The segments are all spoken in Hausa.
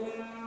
तुम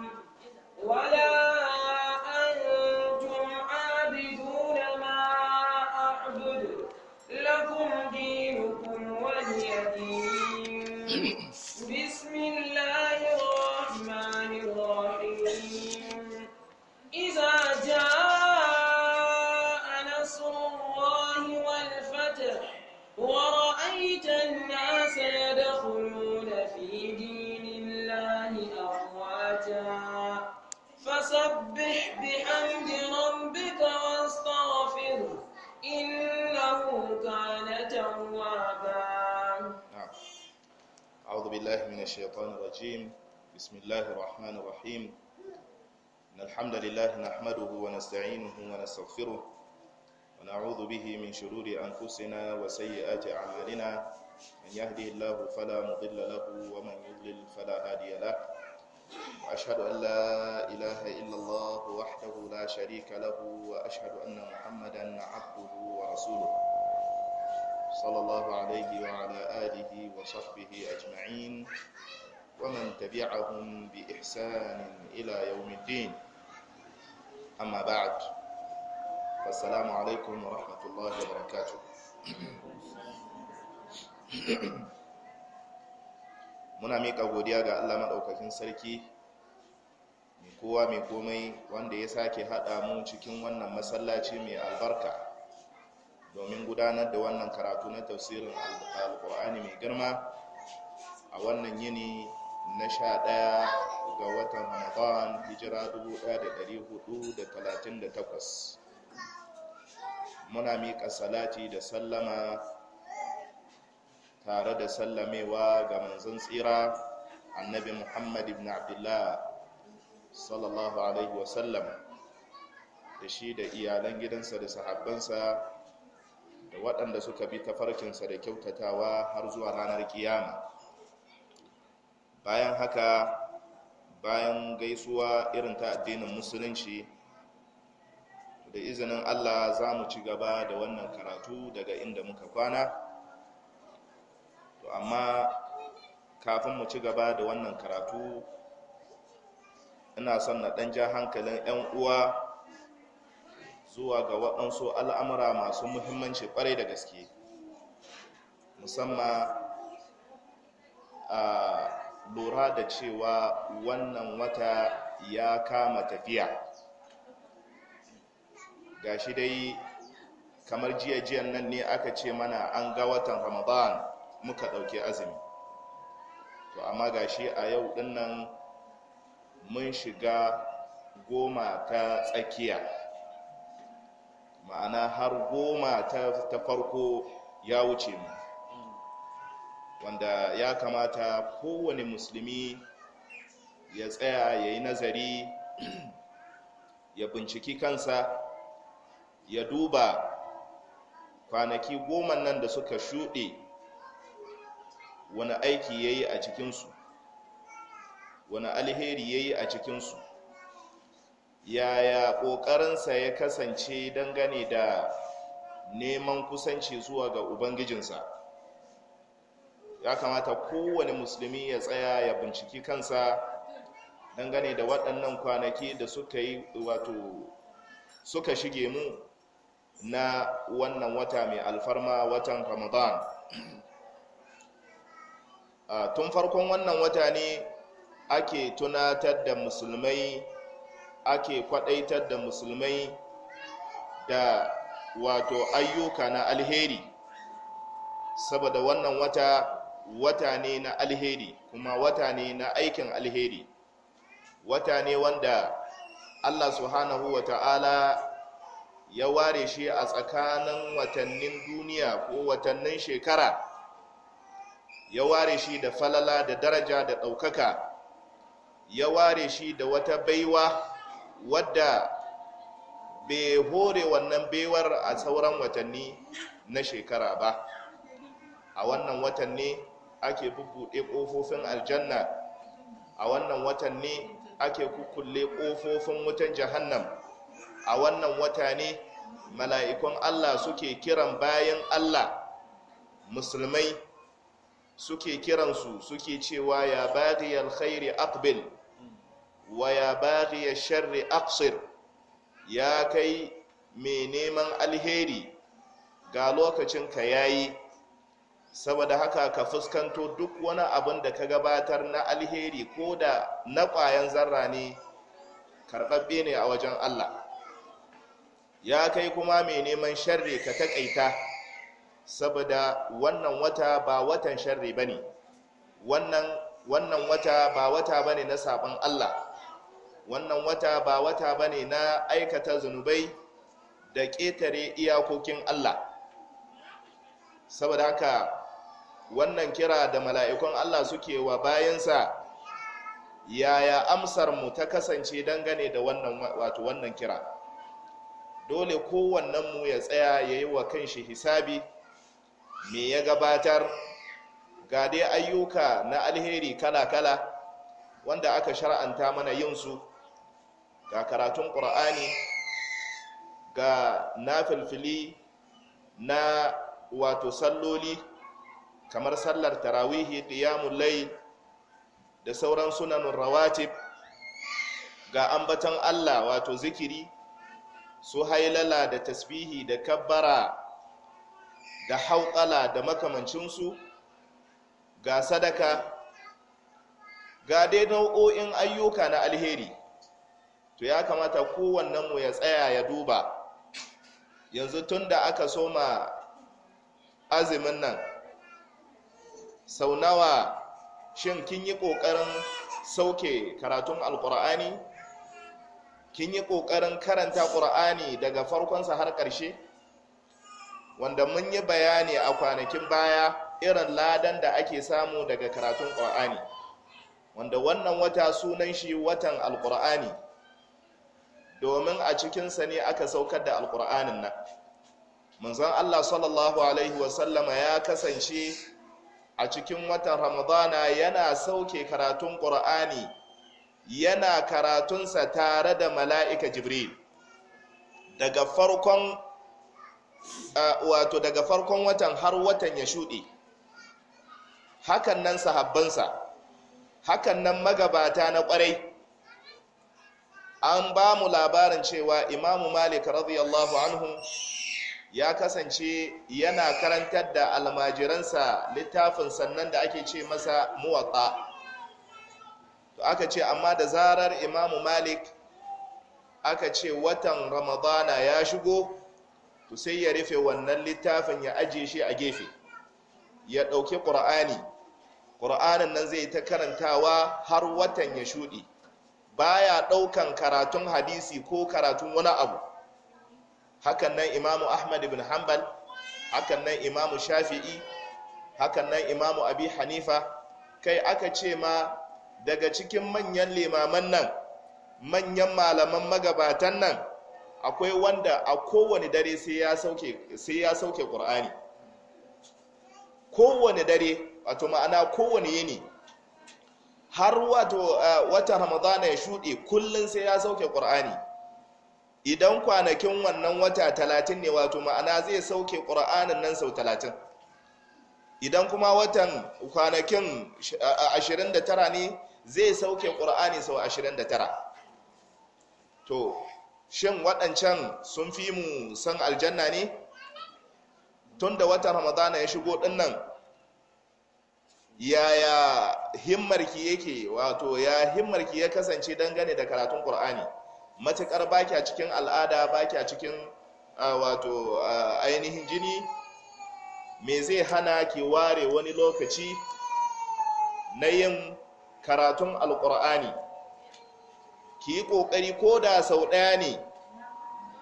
شرور أنفسنا وسيئات أعمالنا من يهده الله فلا مضل له ومن يضلل فلا هادي له وأشهد أن لا إله إلا الله وحده لا شريك له وأشهد أن محمدا عبده ورسوله صلى الله عليه وعلى آله وصحبه أجمعين ومن تبعهم بإحسان إلى يوم الدين أما بعد wassalamu alaikum wa rahmatullahi wa muna miƙa godiya ga Allah maɗaukakin sarki mai kowa mai komai wanda ya sake haɗa mu cikin wannan masallaci mai albarka domin gudanar da wannan karatu na tafsirin alƙur'ani mai girma a wannan yini na sha ɗaya ga watan ramadan hijira da 1438 muna miƙa salati da sallama tare da sallamewa ga manzon tsira annabi muhammad ibn abdullah sallallahu alaihi wasallam da shi da iyalan gidansa da sahabbansa da waɗanda suka bi tafarkinsa da kyautatawa har zuwa ranar kiyama bayan haka bayan gaisuwa irin ta addinin musulunci da izinin allah za mu ci gaba da wannan karatu daga inda muka kwana to amma kafin mu ci gaba da wannan karatu ina son na ɗan ja hankalin 'yan uwa zuwa ga waɗansu al'amura masu muhimmanci ƙwarai da gaske musamman a lura da cewa wannan wata ya kama tafiya gashi dai kamar jiya-jiyan nan ne aka ce mana an ga watan ramadan muka ɗauki azumi to amma gashi a yau dinnan mun shiga goma ta tsakiya ma'ana har goma ta farko ya wuce mu wanda ya kamata kowane musulmi ya tsaya ya yi nazari ya binciki kansa ya duba kwanaki goma nan da suka shuɗe wani aiki ya yi a cikinsu wani alheri ya yi a cikinsu yaya ƙoƙarinsa ya kasance dangane da neman kusanci zuwa ga ubangijinsa ya kamata kowane musulmi ya tsaya ya binciki kansa dangane da waɗannan kwanaki da suka yi wato suka shige mu na wannan wata mai alfarma watan ramadan tun farkon wannan wata ne ake tunatar da musulmai ake kwadaitar da musulmai da wato ayyuka na alheri saboda wannan wata wata ne na alheri kuma wata ne na aikin alheri wata ne wanda allah subhanahu wa ta'ala ya ware shi a tsakanin watannin duniya ko watannin shekara ya ware shi da falala da daraja da ɗaukaka ya ware shi da wata baiwa wadda bai hore wannan baiwar a sauran watanni na shekara ba a wannan watanni ake bubbuɗe ƙofofin aljanna a wannan watanni ake kukulle ƙofofin wutan jahannam a wannan wata ne mala'ikun Allah suke kiran bayan Allah musulmai suke kiransu suke cewa ya baghi alkhairi aqbil wa ya baghi sharri aksir ya kai mai neman alheri ga lokacin ka yayi saboda haka ka fuskanto duk wani abin da ka gabatar na alheri ko da na ƙwayan zarra ne karɓaɓɓe ne a wajen Allah ya kai kuma mai neman sharri ka takaita saboda wannan wata ba watan sharri ba ne wannan wata ba wata ba ne na sabon allah wannan wata ba wata ba ne na aikata zunubai da ƙetare iyakokin allah saboda haka wannan kira da mala'ikun allah suke wa bayansa yaya amsar mu ta kasance dangane da wannan wato wannan kira dole kowannen mu ya tsaya ya yi wa kan shi hisabi me ya gabatar ga dai ayyuka na alheri kala-kala wanda aka shara'anta mana yinsu ga karatun ƙur'ani ga na filfili na wato salloli kamar sallar tarawihi ƙiyamun layl da sauran sunanin rawatib ga ambatan allah wato zikiri su hailala da tasbihi da kabbara da hautsala da makamancinsu ga sadaka ga dai nau'o'in ayyuka na alheri to ya kamata kowannenmu ya tsaya ya duba yanzu tun da aka soma azumin nan sau nawa shin kin yi ƙoƙarin sauke karatun alƙur'ani kin yi ƙoƙarin karanta ƙur'ani daga farkonsa har ƙarshe wanda mun yi bayani a kwanakin baya irin ladan da ake samu daga karatun ƙur'ani wanda wannan wata sunan shi watan alƙur'ani domin a cikinsa ne aka saukar da alƙur'anin nan manzon allah sallallahu alaihi wasallama ya kasance a cikin watan ramadana yana sauke karatun ƙur'ani yana karatunsa tare da mala'ika jibril daga farkon ah, wato daga farkon watan har watan ya shuɗe hakan nan sahabbansa hakan nan magabata na ƙwarai an ba mu labarin cewa imamu malik radiyallahu anhu ya kasance yana karantar da almajiransa littafin sannan da ake ce masa muwatsa aka ce amma da zarar imamu malik aka ce watan ramadana ya shigo to sai ya rufe wannan littafin ya ajiye shi a gefe ya ɗauki ƙura'ani ƙura'anin nan zai ta karantawa har watan ya shuɗi baya ɗaukan karatun hadisi ko karatun wani abu hakan nan imamu ahmad ibn hanbal hakan nan imamu shafi'i hakan nan imamu abi hanifa kai aka ce ma daga cikin manyan limaman nan manyan malaman magabatan nan akwai wanda a kowane dare sai ya sauke ƙur'ani kowane dare wato ma'ana kowane yini har wato eh, watan ramadana ya shuɗe kullum sai ya sauke ƙur'ani idan kwanakin wannan wata talatin ne wato ma'ana zai sauke ƙur'anin nan sau talatin idan kuma watan kwanakin eh, ashirin da tara ne zai sauke ƙur'ani sau 29 to shin waɗancan sun fi mu san aljanna ne tun da watan ramadana ya shigo ɗinnan yaya himmarki yake wato ya himmarki ya kasance dangane da karatun ƙur'ani matuƙar baki a cikin al'ada baki a cikin wato ainihin jini me zai hana ki ware wani lokaci na yin karatun alkur'ani ki yi ƙoƙari ko da sau ɗaya ne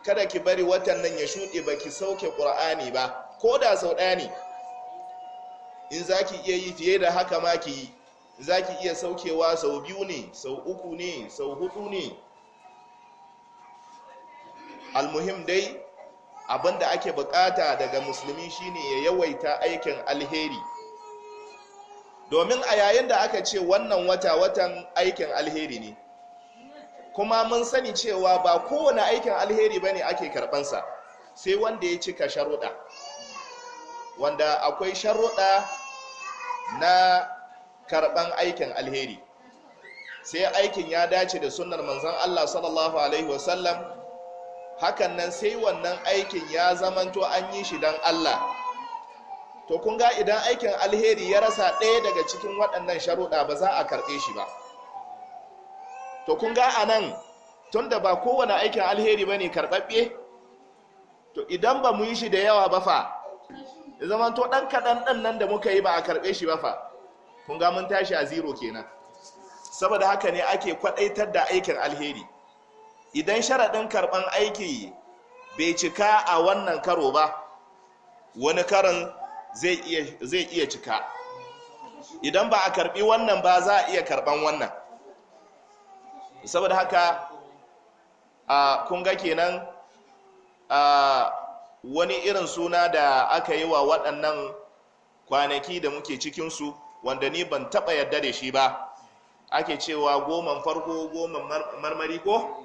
kada ki bari watan nan ya shuɗe ba ki sauke ƙur'ani ba ko da sau ɗaya ne in za ki iya yi fiye da haka ma ki yi za ki iya saukewa sau biyu ne sau uku ne sau hudu ne almuhim dai abinda ake bukata daga musulmi shine ya yawaita aikin alheri domin a yayin da aka ce wannan wata watan aikin alheri ne kuma mun sani cewa ba kowane aikin alheri ba ne ake karbansa sai wanda ya cika sharuɗa wanda akwai sharuɗa na karɓan aikin alheri sai aikin ya dace da sunar manzon Allah sallallahu alaihi wasallam hakan nan sai wannan aikin ya zamanto an yi shi don Allah to kun ga idan aikin alheri ya rasa ɗaya daga cikin waɗannan sharuɗa ba za a karɓe shi ba to kun ga a nan tun da ba kowane aikin alheri ba ne karɓaɓɓe to idan ba mu yi shi da yawa ba fa ya zama to ɗan kaɗan ɗan nan da muka yi ba a karɓe shi ba fa kun ga mun tashi a zero kenan saboda haka ne ake kwaɗaitar da aikin alheri idan sharaɗin karɓan aiki bai cika a wannan karo ba wani karin zai iya cika idan ba a karbi wannan ba za a iya karban wannan saboda haka a kunga kenan a wani irin suna da aka yi wa waɗannan kwanaki da muke cikinsu wanda ni ban taɓa yadda da shi ba ake cewa goman farko goman marmari ko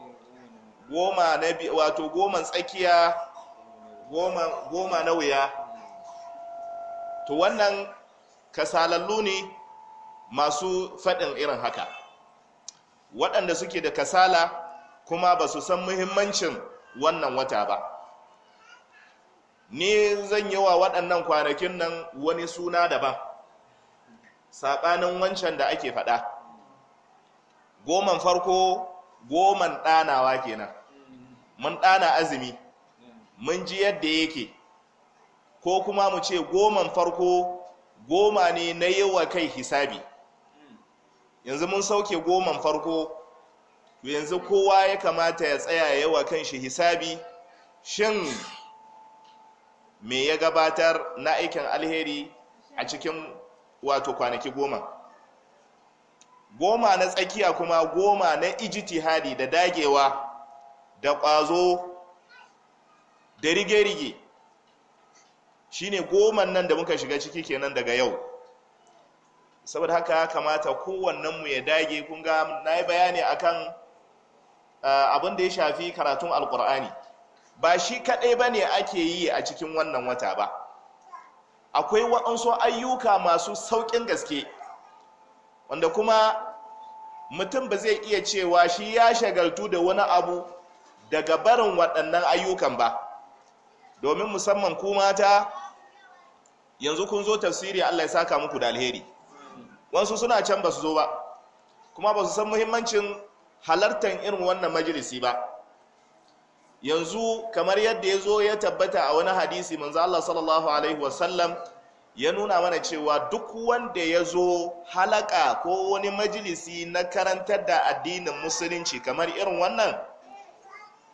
goma na wato goman tsakiya goma na wuya to wannan kasalallu ne masu faɗin irin haka waɗanda suke da kasala kuma ba su san muhimmancin wannan wata ba ni zan yi wa waɗannan kwanakin nan wani suna da ba. saɓanin wancan da ake faɗa goman farko goman ɗanawa kenan mun ɗana azumi mun ji yadda yake ko kuma mu ce goman farko goma ne na yawa kai hisabi yanzu mun sauke goman farko yanzu kowa ya kamata ya tsaya ya yawa kan shi hisabi shin me ya gabatar na aikin alheri a cikin wato kwanaki goma goma na tsakiya kuma goma na ijtihadi da dagewa da ƙwazo da rige-rige shine goman nan da muka shiga ciki kenan daga yau saboda haka kamata kowannen mu ya dage kun ga na yi bayani akan eh, abin da ya shafi karatun alkur'ani ba shi kaɗai ba ne ake yi a cikin wannan wata ba akwai waɗansu ayyuka masu sauƙin gaske wanda kuma mutum ba zai iya cewa shi ya shagaltu da wani abu daga barin waɗannan ayyukan ba domin musamman ku mata yanzu kun zo tafsiri Allah ya saka muku da alheri wasu suna can ba su zo ba kuma ba su san muhimmancin halartar irin wannan majalisi ba yanzu kamar yadda ya zo ya tabbata a wani hadisi manzo Allah sallallahu alaihi wasallam ya nuna mana cewa duk wanda ya zo halaka ko wani majalisi na karantar da addinin musulunci kamar irin wannan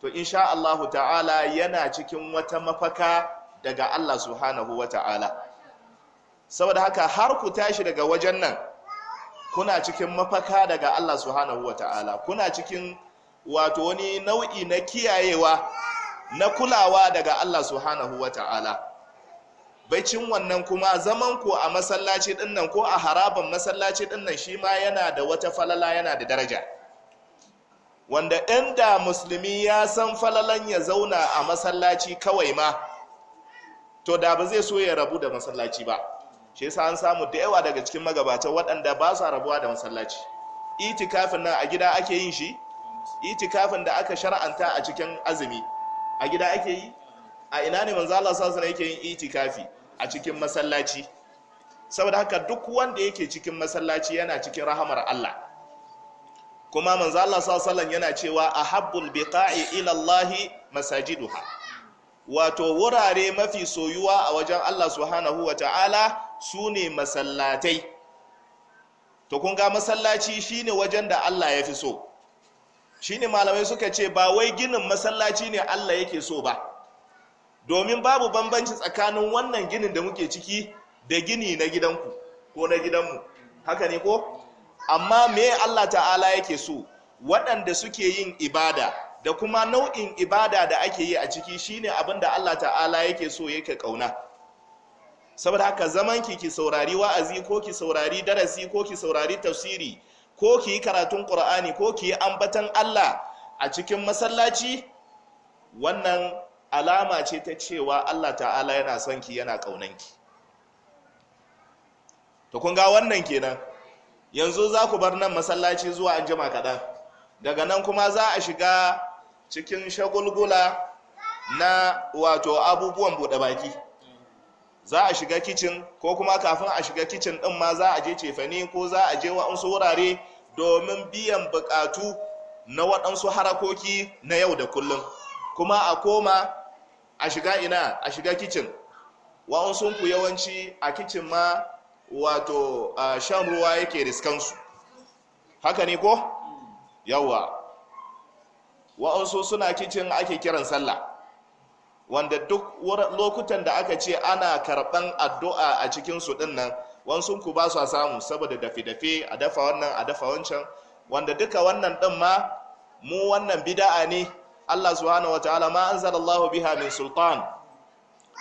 to insha Allah ta'ala yana cikin wata mafaka daga Allah subhanahu wa ta'ala saboda haka har ku tashi daga wajen nan kuna cikin mafaka daga Allah subhanahu wa ta'ala kuna cikin wato wani nau'i na kiyayewa na kulawa daga Allah subhanahu wa ta'ala baicin wannan kuma zaman ku a masallaci dinnan ko a harabin masallaci dinnan shi ma yana da wata falala yana da daraja wanda inda musulmi ya san falalan ya zauna a masallaci kawai ma to da ba zai so ya rabu da masallaci ba shi yasa an samu da yawa daga cikin magabata waɗanda ba sa rabuwa da masallaci itikafin nan a gida ake yin shi itikafin da aka shara'anta a cikin azumi a gida ake yi a ina ne manzo Allah yake yin itikafi a cikin masallaci saboda haka duk wanda yake cikin masallaci yana cikin rahamar Allah kuma manzo Allah sallallahu yana cewa ahabbul biqa'i ila Allah masajiduha wato wurare mafi soyuwa a wajen Allah subhanahu wata'ala sune masallatai to kun ga masallaci shine wajen da Allah ya fi so shine malamai suka ce ba wai ginin masallaci ne Allah yake so ba domin babu bambanci tsakanin wannan ginin da muke ciki da gini na gidanku ko na gidanmu haka ne ko amma me Allah ta'ala yake so waɗanda suke yin ibada da kuma nau'in ibada da ake yi a ciki shine abinda Allah ta'ala yake so yake kauna saboda haka zaman ki ki saurari wa'azi ko ki saurari darasi ko ki saurari tafsiri ko ki yi karatun qur'ani ko ki yi ambatan Allah a cikin masallaci wannan alama ce ta cewa Allah ta'ala yana son ki yana kaunan ki to kun ga wannan kenan yanzu za ku bar nan masallaci zuwa anjima jima kaɗan daga nan kuma za a shiga cikin shagulgula na wato abubuwan buɗe baki za a shiga kicin ko kuma kafin a shiga kicin ɗin ma za a je cefane ko za a je waɗansu wurare domin biyan buƙatu na waɗansu harakoki na yau da kullum kuma a koma a shiga ina a shiga kicin ku yawanci a kicin ma wato shan ruwa yake riskansu haka ne ko Yawwa. wa'ansu suna kicin ake kiran sallah wanda duk lokutan da aka ce ana karɓan addu'a a cikinsu su dinnan wansu ku ba su samu saboda dafe-dafe a dafa wannan a dafa wancan wanda duka wannan din ma mu wannan bida'a ne allah subhanahu wa ta'ala ma anzalallahu biha min sultan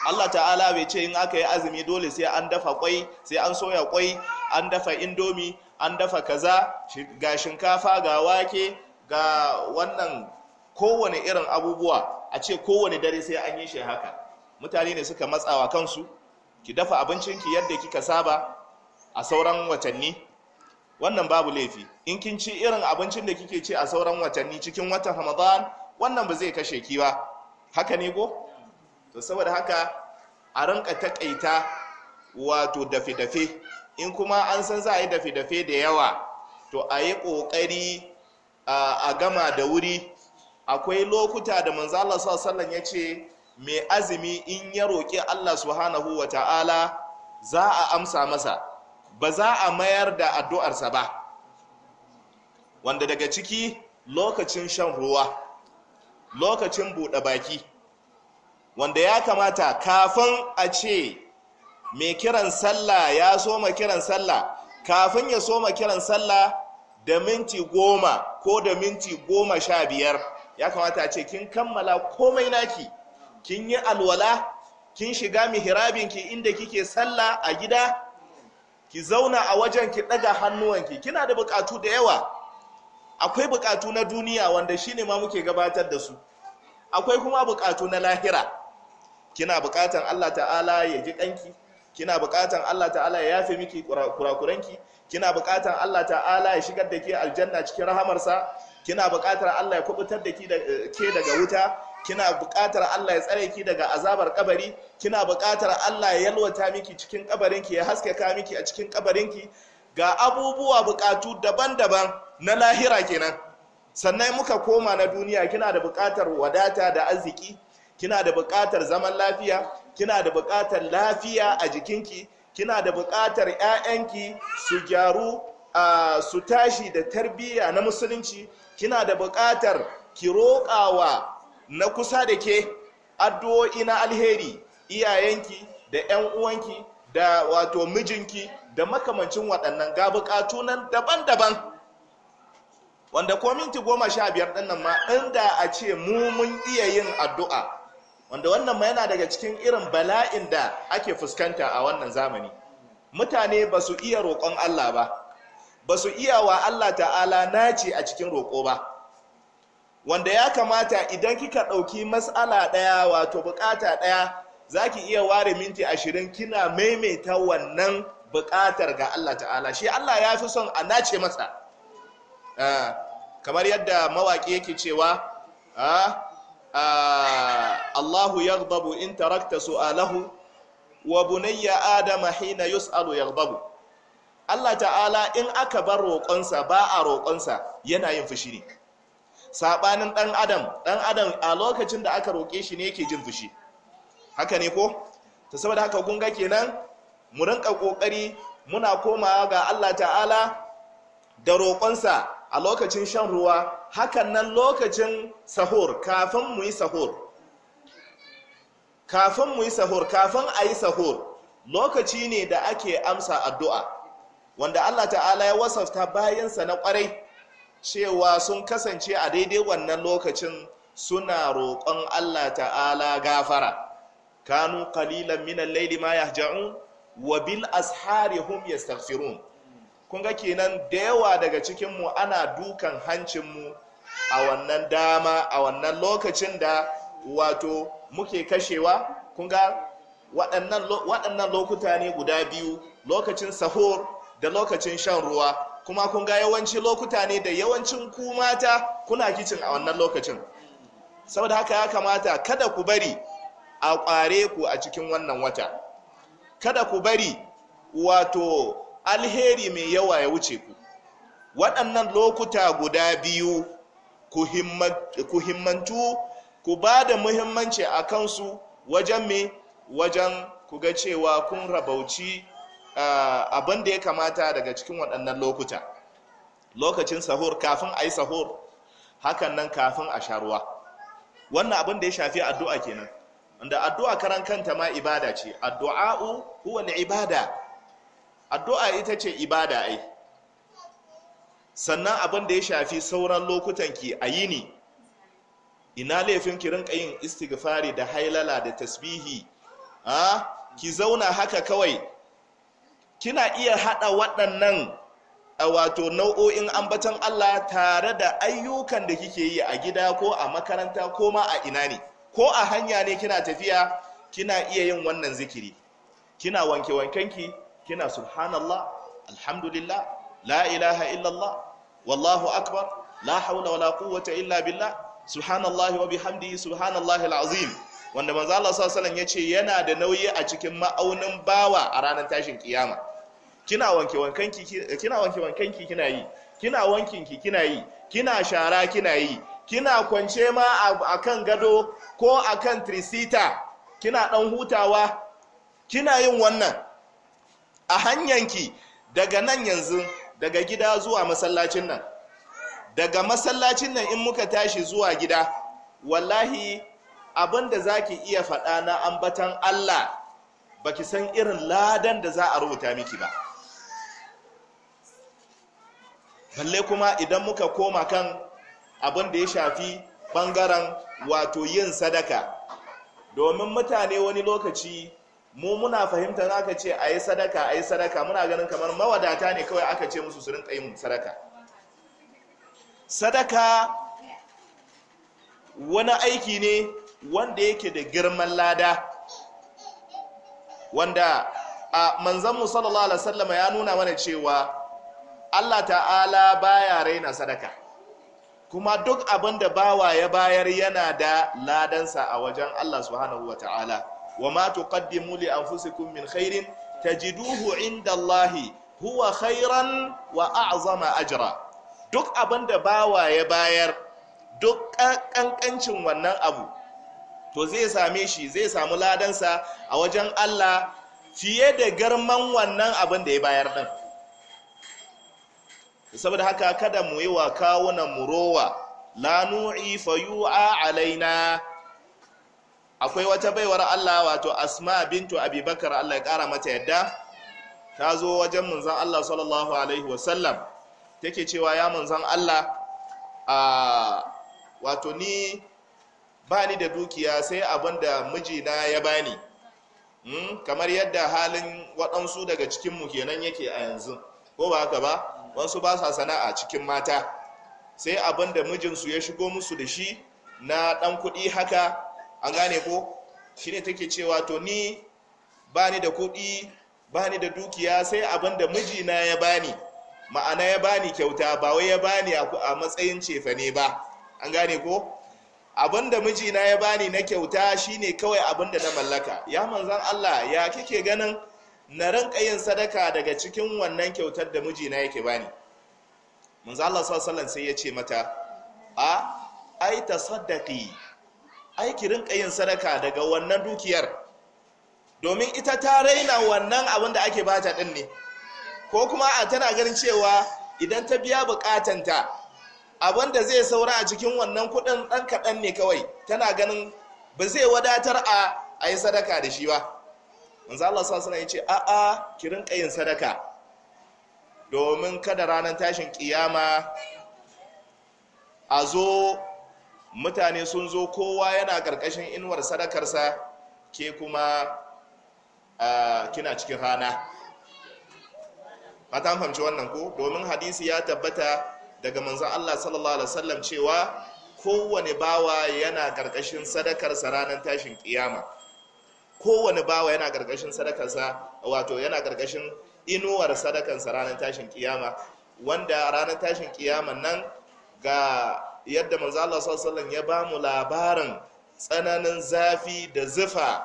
Allah ta'ala bai ce in aka yi azumi dole sai an dafa kwai sai an soya kwai an dafa indomi an dafa kaza ga shinkafa ga wake ga wannan kowane irin abubuwa a ce kowane dare sai an yi shi haka mutane ne suka matsawa kansu ki dafa abincin ki yadda kika saba a sauran watanni wannan babu laifi in kin ci irin abincin da kike ci a sauran watanni cikin watan ramadan wannan ba zai kashe ki ba haka ne go to saboda haka a rinka takaita wato dafe-dafe in kuma an san za a yi dafe-dafe da yawa to a yi ƙoƙari a gama da wuri akwai lokuta da manzala Allah sallan ya ce mai azumi in ya roƙi Allah subhanahu wa ta'ala za a amsa masa ba za a mayar da addu'arsa ba wanda daga ciki lokacin shan ruwa lokacin buɗe baki wanda ya kamata kafin a ce mai kiran sallah ya soma kiran sallah kafin ya soma kiran sallah da minti goma ko da minti goma sha biyar ya kamata a ce kin kammala komai naki kin yi alwala kin shiga mihirabinki inda kike sallah a gida ki zauna a wajen ki daga hannuwanki kina da bukatu da yawa akwai bukatu na duniya wanda shi ne ma muke gabatar da su akwai kuma bukatu na lahira kina bukatan Allah ta'ala ya ji kanki kina bukatan Allah ta'ala ya yafe miki kurakuranki kina bukatan Allah ta'ala ya shigar da ke aljanna cikin rahamarsa kina bukatar Allah ya kubutar da ke daga wuta kina bukatar Allah ya tsare ki daga azabar kabari kina bukatar Allah ya yalwata miki cikin kabarinki ya haske ka miki a cikin kabarinki ga abubuwa bukatu daban-daban na lahira kenan sannan muka koma na duniya kina da bukatar wadata da arziki kina da buƙatar zaman lafiya kina da buƙatar lafiya a jikinki kina da buƙatar 'ya'yanki su gyaru su tashi da tarbiyya na musulunci kina da buƙatar ki roƙawa na kusa da ke addu'o'i na alheri iyayenki da 'yan uwanki da wato mijinki da makamancin waɗannan ga buƙatu nan daban-daban wanda kominti goma sha biyar ɗin nan ma inda a ce mu mun iya yin addu'a wanda wannan ma yana daga cikin irin bala'in da ake fuskanta a wannan zamani mutane ba su iya roƙon Allah ba ba su iya wa Allah ta'ala naci a cikin roƙo ba wanda ya kamata idan kika ɗauki matsala ɗaya wato buƙata ɗaya za ki iya ware minti ashirin kina maimaita wannan buƙatar ga Allah ta'ala shi Allah ya fi son a nace masa ah, kamar yadda mawaƙi yake cewa ah, ah, Allahu yaghdabu in tarakta alahu wa bunayya adama hina yus'alu yaghdabu Allah ta'ala in aka bar roƙonsa ba a roƙonsa yana yin fushi ne sabanin dan adam dan adam a lokacin da aka roƙe shi ne yake jin fushi haka ne ko ta saboda haka gunga kenan mu rinka kokari muna komawa ga Allah ta'ala da roƙonsa a lokacin shan ruwa hakan nan lokacin sahur kafin mu yi sahur kafin mu yi sahur kafin a yi sahur lokaci ne da ake amsa addu'a wanda Allah ta'ala ya wasafta bayansa na kwarai cewa sun kasance a daidai wannan lokacin suna roƙon Allah ta'ala gafara kanu ƙalilan minan al ma ya ja’un wa bil ashari hum yastaghfirun kun ga kenan da yawa daga cikinmu ana dukan hancinmu a wannan dama a wannan lokacin da wato muke kashewa kun ga waɗannan lokuta ne guda biyu lokacin sahur da lokacin shan ruwa kuma kun ga yawanci lokuta ne da yawancin ku mata kuna kicin a wannan lokacin saboda haka ya kamata kada ku bari a ƙware ku a cikin wannan wata kada ku bari wato alheri mai yawa ya wuce ku waɗannan lokuta guda biyu ku himmantu ku ba da muhimmanci a kansu wajen me wajen ku ga cewa kun rabauci abin da ya kamata daga cikin waɗannan lokuta lokacin sahur kafin a yi sahur hakan nan kafin a sha ruwa wannan abin da ya shafi addu'a kenan wanda addu'a karan kanta ma ibada ce addu'a'u huwa ibada addu'a ita ce ibada ai sannan abin da ya shafi sauran lokutan ki a ne ina laifin ki rinka yin istighfari da hailala da tasbihi a ki zauna haka kawai kina iya hada waɗannan a wato nau'o'in ambaton Allah tare da ayyukan da kike yi a gida ko a makaranta ko ma a ina ne ko a hanya ne kina tafiya kina iya yin wannan zikiri kina wanke wankenki kina subhanallah alhamdulillah la ilaha illallah wallahu akbar la hawla wala quwwata illa billah subhanallahi wa bihamdihi subhanallahi alazim wanda manzo Allah sallallahu alaihi ya yana da nauyi a cikin ma'aunin bawa a ranar tashin kiyama kina wanke wankanki kina wanke wankanki kina yi kina wankinki kina yi kina shara kina yi kina kwance ma akan gado ko akan trisita kina dan hutawa kina yin wannan a hanyanki daga nan yanzu daga gida zuwa masallacin nan daga masallacin nan in muka tashi zuwa gida wallahi abin da za ki iya faɗa na ambatan Allah ba ki san irin ladan da za a rubuta miki ba balle kuma idan muka koma kan abin da ya shafi ɓangaren wato yin sadaka domin mutane wani lokaci mu muna fahimtar aka ce a yi sadaka a yi sadaka muna ganin kamar mawadata ne kawai aka ce musu su rinka yin sadaka sadaka wani aiki ne wanda yake da girman lada wanda a manzanmu sallallahu alaihi wasallam ya nuna mana cewa Allah ta'ala baya raina sadaka kuma duk abin da bawa ya bayar yana da ladansa a wajen Allah subhanahu wa ta'ala wa ma tuqaddimu li anfusikum min khairin tajiduhu inda Allah huwa khairan wa a'zama ajra duk abin da bawa ya bayar duk ƙanƙancin wannan abu to zai same shi zai samu ladansa a wajen Allah fiye da garman wannan abin da ya bayar din saboda haka kada mu yi wa kawunan murowa la nu'i fayu'a alaina akwai wata baiwar Allah wato asma bintu abubakar Allah ya kara mata yadda ta zo wajen munzan Allah sallallahu alaihi wasallam take cewa ya manzan Allah a wato ni ba ni da dukiya sai abin da mijina ya bani hmm? kamar yadda halin waɗansu daga cikinmu kenan yake a yanzu ko ba haka ba wasu ba sa sana'a cikin mata sai abin da mijinsu ya shigo musu da shi na ɗan kuɗi haka an gane ko shi ne take cewa to ni ba ni da kuɗi ba ni da dukiya sai abin da mijina ya bani ma'ana ya bani kyauta ba wai ya bani a matsayin cefane ba an gane ko abinda mijina ya bani na kyauta shine kawai abinda na mallaka ya manzan Allah ya kike ganin na rinka yin sadaka daga cikin wannan kyautar da mijina yake bani manzan Allah sallallahu sai ya ce mata a ai tasaddaqi ai ki rinka yin sadaka daga wannan dukiyar domin ita ta raina wannan abinda ake bata din ne ko kuma a tana ganin cewa idan ta biya bukatanta abinda zai saura a cikin wannan kudin dan kaɗan ne kawai tana ganin ba zai wadatar a a yi sadaka da shi ba manzo Allah suna yace a a ki rinka yin sadaka domin kada ranar tashin kiyama a zo mutane sun zo kowa yana karkashin inuwar sadakarsa ke kuma kina cikin rana fata an fahimci wannan ko domin hadisi ya tabbata daga manzon Allah sallallahu alaihi wasallam cewa kowane bawa yana karkashin sadakarsa ranar tashin kiyama kowane bawa yana karkashin sadakarsa wato yana karkashin inuwar sadakarsa ranar tashin kiyama wanda ranar tashin kiyama nan ga yadda manzo Allah sallallahu alaihi wasallam ya bamu labarin tsananin zafi da zufa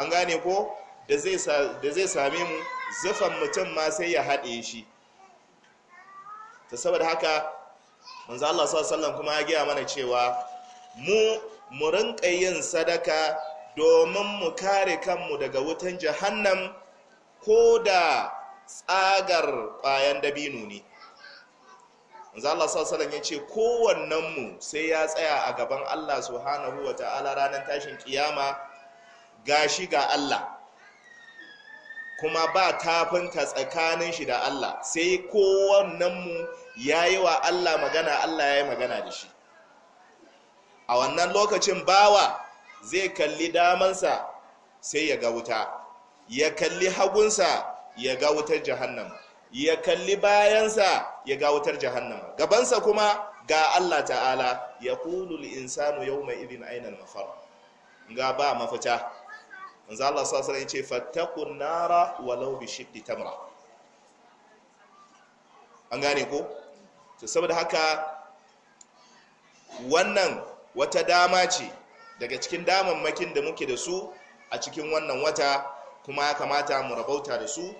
an gane ko da zai same mu zufan mutum ma sai ya haɗe shi ta saboda haka manzo Allah sallallahu kuma ya gaya mana cewa mu mu rinka yin sadaka domin mu kare kanmu daga wutan jahannam ko da tsagar ƙwayan dabino ne manzo Allah sallallahu ya ce kowannen mu sai ya tsaya a gaban Allah subhanahu ta'ala ranar tashin kiyama gashi ga Allah kuma ba tafinta tsakanin shi da Allah sai kowannenmu ya yi wa Allah magana Allah ya yi magana da shi a wannan lokacin bawa zai kalli damansa sai ya ga wuta ya kalli hagunsa ya ga wutar jahannama ya kalli bayansa ya ga wutar jahannama gabansa kuma ga Allah ta'ala ya kulul insanu yau mai irin ainihin mafar ga ba mafita manzo Allah sallallahu alaihi wasallam yace fattaqun nara walau bi shiddi tamra an gane ko to saboda haka wannan wata dama ce daga cikin damammakin da muke da su a cikin wannan wata kuma ya kamata mu rabauta da su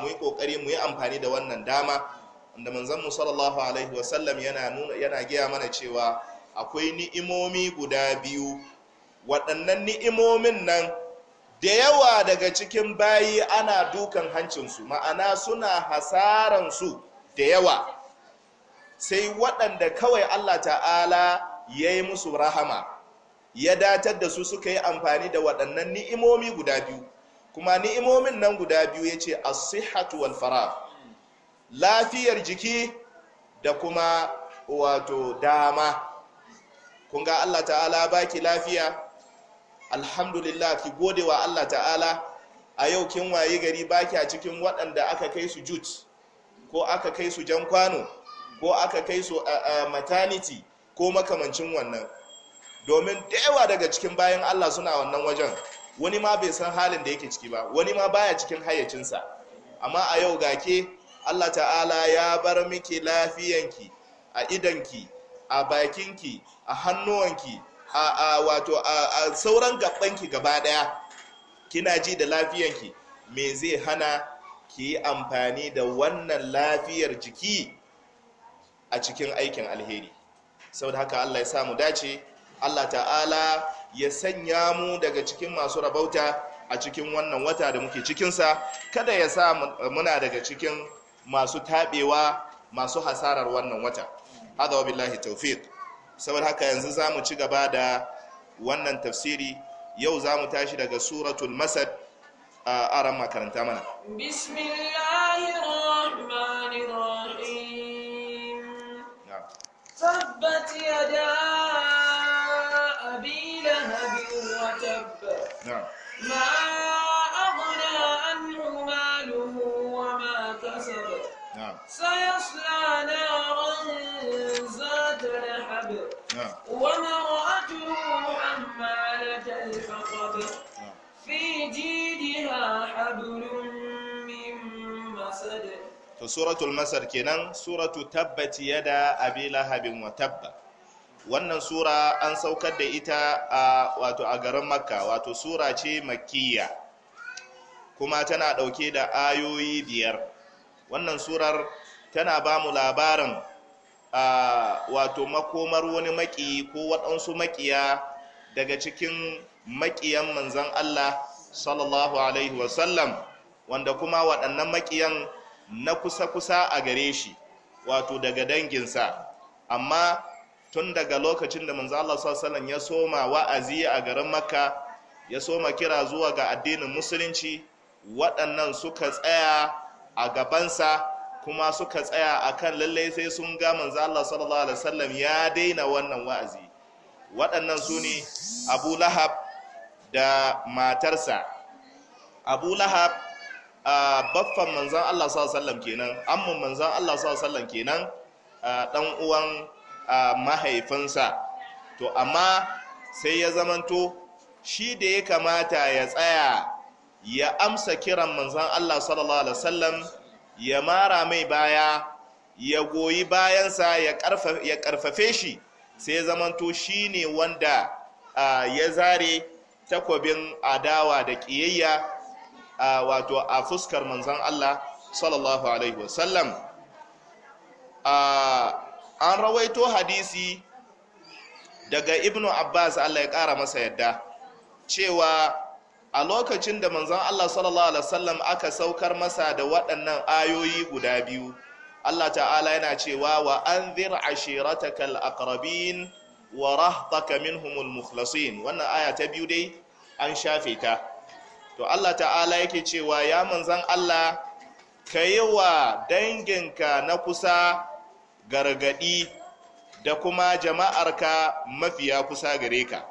mu yi kokari mu yi amfani da wannan dama wanda manzon mu sallallahu alaihi wasallam yana nuna yana giya mana cewa akwai ni'imomi guda biyu waɗannan ni'imomin nan da yawa daga cikin bayi ana dukan hancinsu ma'ana suna hasaransu da yawa sai waɗanda kawai Allah ta'ala ya yi musu rahama ya datar da su suka yi amfani da waɗannan ni'imomi guda biyu kuma ni'imomin nan guda biyu ya ce a wal fara lafiyar jiki da kuma wato dama kun ga Allah ta'ala baki lafiya alhamdulillah ki gode wa Allah ta'ala a yau kin waye gari ki a cikin waɗanda aka kai su jut ko aka kai su jan kwano ko aka kai su a maternity ko makamancin wannan domin da daga cikin bayan Allah suna wannan wajen wani ma bai san halin da yake ciki ba wani ma baya cikin hayyacinsa amma a yau gake Allah ta'ala ya bar miki lafiyanki a idanki a bakinki a hannuwanki a wato a sauran gabanki gaba daya kina ji da lafiyanki me zai hana ki yi amfani da wannan lafiyar jiki a cikin aikin alheri saboda haka Allah ya samu dace Allah ta'ala ya sanya mu daga cikin masu rabauta a cikin wannan wata da muke cikinsa kada ya sa muna daga cikin masu taɓewa masu hasarar wannan wata hada wa billahi taufiq. saboda haka yanzu za mu ci gaba da wannan tafsiri yau za mu tashi daga suratul masad a aran makaranta mana tabbat yada abi lahabin wa tabba ma سيرى وامرأته to suratul masar kenan suratu tabbati yada abi lahabin wa tabba wannan sura an saukar da ita a wato a garin makka wato sura ce makkiya kuma tana dauke da ayoyi biyar wannan surar tana ba mu labarin wato makomar wani maki ko waɗansu makiya daga cikin makiyan manzan Allah sallallahu alaihi wasallam wanda kuma waɗannan makiyan na kusa-kusa a gare shi wato daga danginsa amma tun daga lokacin da manzan Allah sallallahu alaihi wasallam ya soma wa'azi a garin makka ya soma kira zuwa ga addinin musulunci waɗannan suka tsaya a gabansa kuma suka tsaya a kan lallai sai sun ga manzo Allah sallallahu alaihi wasallam ya daina wannan wa'azi waɗannan su ne Abu Lahab da matarsa Abu Lahab baffan manzan Allah sallallahu alaihi wasallam kenan amman manzan Allah sallallahu alaihi wasallam kenan dan uwan mahaifinsa to amma sai ya zamanto shi da ya kamata ya tsaya ya amsa kiran manzan Allah sallallahu alaihi wasallam ya mara mai baya ya goyi bayansa ya karfafe shi sai zamanto shi ne wanda ya zare takwabin adawa da ƙiyayya wato a fuskar manzan Allah sallallahu alaihi wasallam an rawaito hadisi daga ibnu abbas Allah ya ƙara masa yadda cewa a lokacin da manzon Allah sallallahu alaihi wasallam aka saukar masa da waɗannan ayoyi guda biyu Allah ta'ala yana cewa wa anzir ashiratakal aqrabin wa rahtaka minhumul mukhlasin wannan aya ta biyu dai an shafe ta to Allah ta'ala yake cewa ya manzon Allah ka yi wa danginka na kusa gargadi da kuma jama'arka mafiya kusa gare ka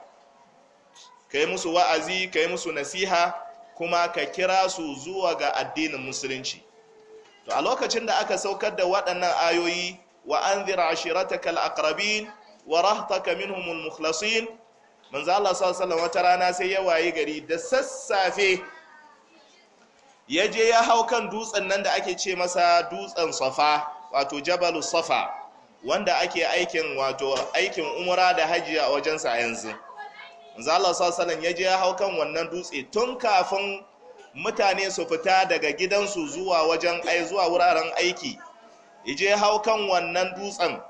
ka yi musu wa'azi ka yi musu nasiha kuma ka kira su zuwa ga addinin musulunci to a lokacin da aka saukar da waɗannan ayoyi wa an zira ashirataka al'akrabin wa rahtaka minhumul mukhlasin manzo Allah sallallahu wata rana sai ya waye gari da sassafe ya je ya hau kan dutsen nan da ake ce masa dutsen safa wato jabalu safa wanda ake aikin wato aikin umra da hajji a wajensa yanzu manzo Allah sallallahu ya je ya hau kan wannan dutse tun kafin mutane su fita daga gidansu zuwa wajen ai zuwa wuraren aiki ya je hau kan wannan dutsen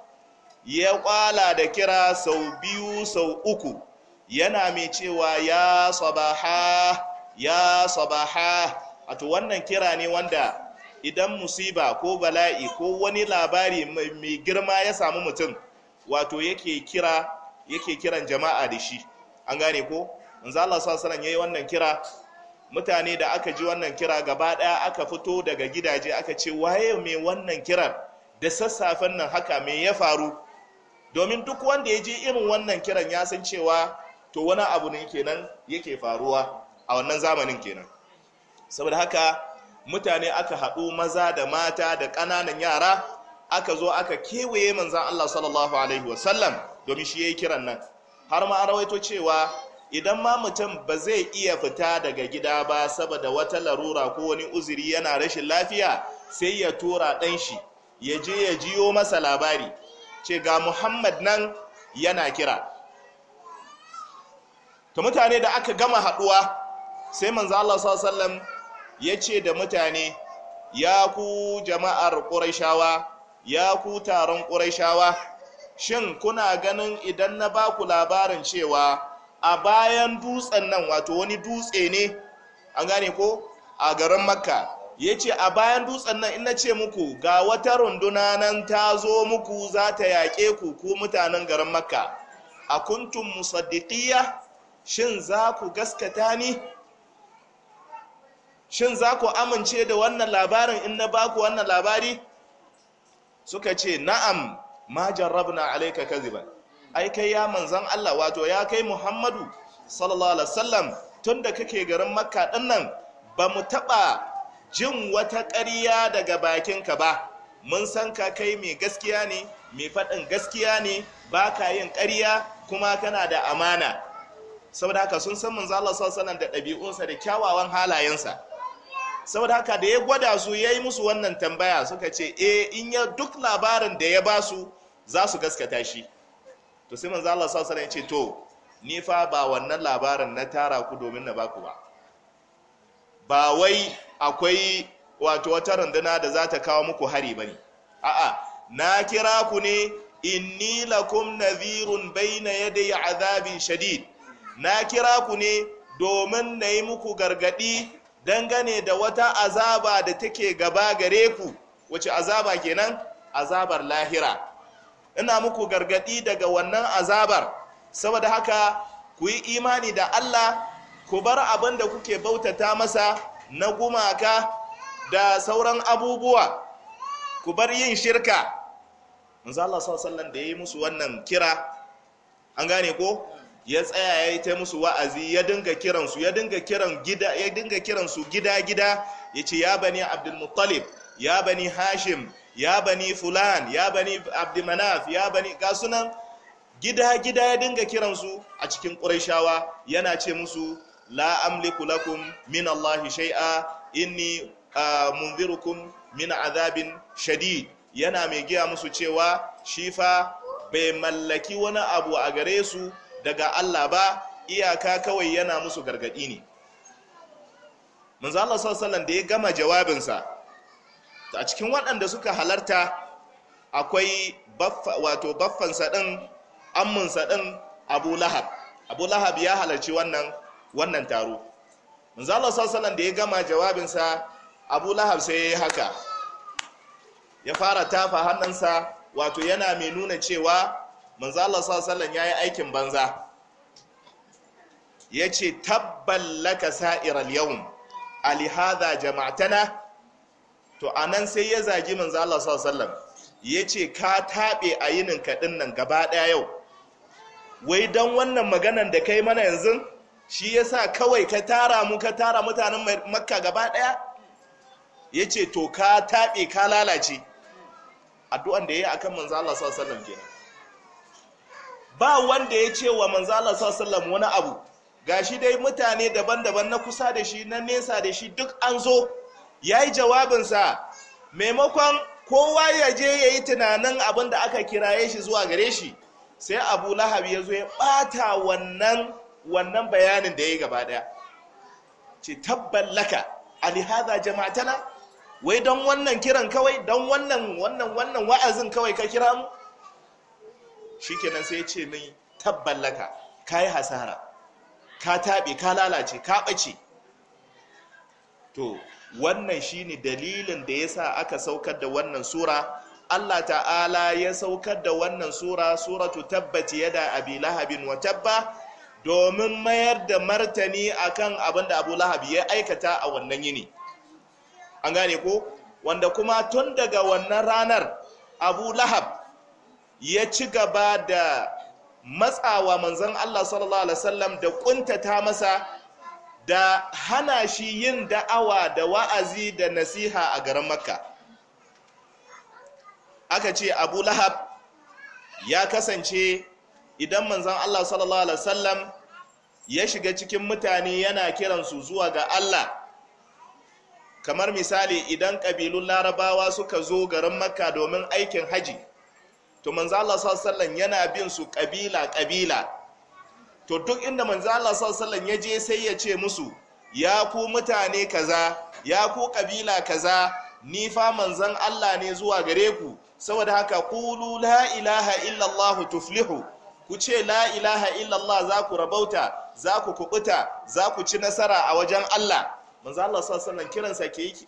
ya kwala da kira sau biyu sau uku yana mai cewa ya sabaha ya sabaha to wannan kira ne wanda idan musiba ko bala'i ko wani labari mai girma ya samu mutum wato yake kira yake kiran jama'a da shi an gane ko manzo Allah sallallahu alaihi yayi wannan kira mutane da aka ji wannan kira gaba daya aka fito daga gidaje aka ce waye mai wannan kiran? da sassafen nan haka me ya faru domin duk wanda ya ji irin wannan kiran ya san cewa to wani abu ne kenan yake faruwa a wannan zamanin kenan saboda haka mutane aka haɗu maza da mata da ƙananan yara aka zo aka kewaye manzan Allah sallallahu alaihi wasallam domin shi ya yi kiran nan har ma an rawaito cewa idan ma mutum ba zai iya fita daga gida ba saboda wata larura ko wani uzuri yana rashin lafiya sai ya tura ɗan shi ya je ya jiyo masa labari ce ga muhammad nan yana kira ta mutane da aka gama haɗuwa sai manzo Allah sallam ya ce da mutane ya ku jama'ar ƙurashawa ya ku taron ƙurashawa shin kuna ganin idan na baku labarin cewa a bayan dutsen nan wato wani dutse ne an gane ko a garin makka ya ce a bayan dutsen nan ina ce muku ga wata runduna nan ta zo muku za ta yaƙe ku ko mutanen garin makka a kuntun musaddiqiyya shin za ku gaskata ni shin za ku amince da wannan labarin in na baku wannan labari suka ce na'am ma jarrabna alayka kadhiban ai kai ya manzan Allah wato ya kai Muhammadu sallallahu alaihi wasallam tunda kake garin Makka din nan ba mu taba jin wata ƙarya daga bakinka ba mun san ka kai mai gaskiya ne mai faɗin gaskiya ne ba ka yin ƙarya kuma kana da amana saboda haka sun san manzan Allah sallallahu alaihi wasallam da ɗabi'unsa da kyawawan halayensa saboda haka da ya gwada su ya yi musu wannan tambaya suka ce eh in ya duk labarin da ya ba su za su gaskata shi to sai manzo Allah sallallahu alaihi wasallam ya ce to ni fa ba wannan labarin na tara ku domin na baku ba ba wai akwai wato wata runduna da za ta kawo muku hari bane a'a na kira ku ne inni lakum nadhirun bayna yaday azabin shadid na kira ku ne domin na yi muku gargadi dangane da wata azaba da take gaba gare ku wace azaba kenan azabar lahira ina muku gargadi daga wannan azabar saboda haka ku yi imani da Allah ku bar abin da kuke bautata masa na gumaka da sauran abubuwa ku bar yin shirka manzo Allah sallallahu da yayi musu wannan kira an gane ko ya tsaya ya yi ta musu wa'azi ya dinga kiransu ya dinga kiran gida ya dinga su gida gida ya ya bani abdul muttalib ya bani hashim ya bani fulan ya bani Abdimanaf, ya bani ga gida gida ya dinga kiransu a cikin ƙuraishawa yana ce musu la amliku lakum min allahi shai'a inni munzirukum min azabin shadid yana mai giya musu cewa shifa bai mallaki wani abu a gare su daga Allah ba iyaka kawai yana musu gargadi ne manzo Allah sallallahu alaihi wasallam da ya gama jawabinsa a cikin waɗanda suka halarta akwai wato baffansa ɗin amminsa ɗin abu lahab abu lahab ya halarci wannan wannan taro Manzalar sassanan da ya gama jawabinsa abu lahab sai ya yi haka ya fara tafa hannunsa wato yana mai nuna cewa Manzalar sassanan ya yi aikin banza ya ce tabbalaka sa'irar yawon alihada jama'atana to a nan sai ya zagi manzo Allah sallallahu alaihi wasallam ce ka taɓe a yinin ka nan gaba ɗaya yau wai don wannan maganan da kai mana yanzu shi ya sa kawai ka tara mu ka tara mutanen makka gaba ɗaya? Ya ce to ka taɓe, ka lalace addu'an da ya yi akan manzo Allah sallallahu alaihi wasallam ba wanda ya ce wa manzo Allah sallallahu alaihi wasallam wani abu gashi dai mutane daban-daban na kusa da shi na nesa da shi duk an zo ya yi jawabinsa maimakon kowa ya je ya yi tunanin abin da aka kiraye shi zuwa gare shi sai abu lahab ya zo ya ɓata wannan bayanin da ya yi gaba ɗaya ce tabbalaka jama'a jama'atana wai don wannan kiran kawai don wannan wannan wannan wa'azin kawai ka kira mu shikenan sai ce ni tabbalaka, ka yi hasara ka taɓe ka lalace ka ɓace to wannan shine dalilin da ya sa aka saukar da wannan sura Allah ta'ala ya saukar da wannan sura suratu tabbaci yada abi lahabin wa tabba domin mayar da martani akan abin da abu lahab ya aikata a wannan yini an gane ko wanda kuma tun daga wannan ranar abu lahab ya ci gaba da matsawa manzon Allah sallallahu alaihi wasallam da kuntata masa da hana shi yin da'awa da wa'azi da nasiha a garin makka aka ce abu lahab ya kasance idan manzan allah sallallahu alaihi wasallam ya shiga cikin mutane yana kiransu zuwa ga allah kamar misali idan ƙabilun larabawa suka zo garin makka domin aikin haji to manzan allah sallallahu alaihi wasallam yana bin su ƙabila-ƙabila to duk inda manzo Allah sallallahu ya je sai ya ce musu ya ku mutane kaza ya ku kabila kaza ni fa manzon Allah ne zuwa gare ku saboda haka qulu la ilaha Allah tuflihu ku ce la ilaha Allah za ku rabauta za ku kubuta za ku ci nasara a wajen Allah manzo Allah sallallahu alaihi kiransa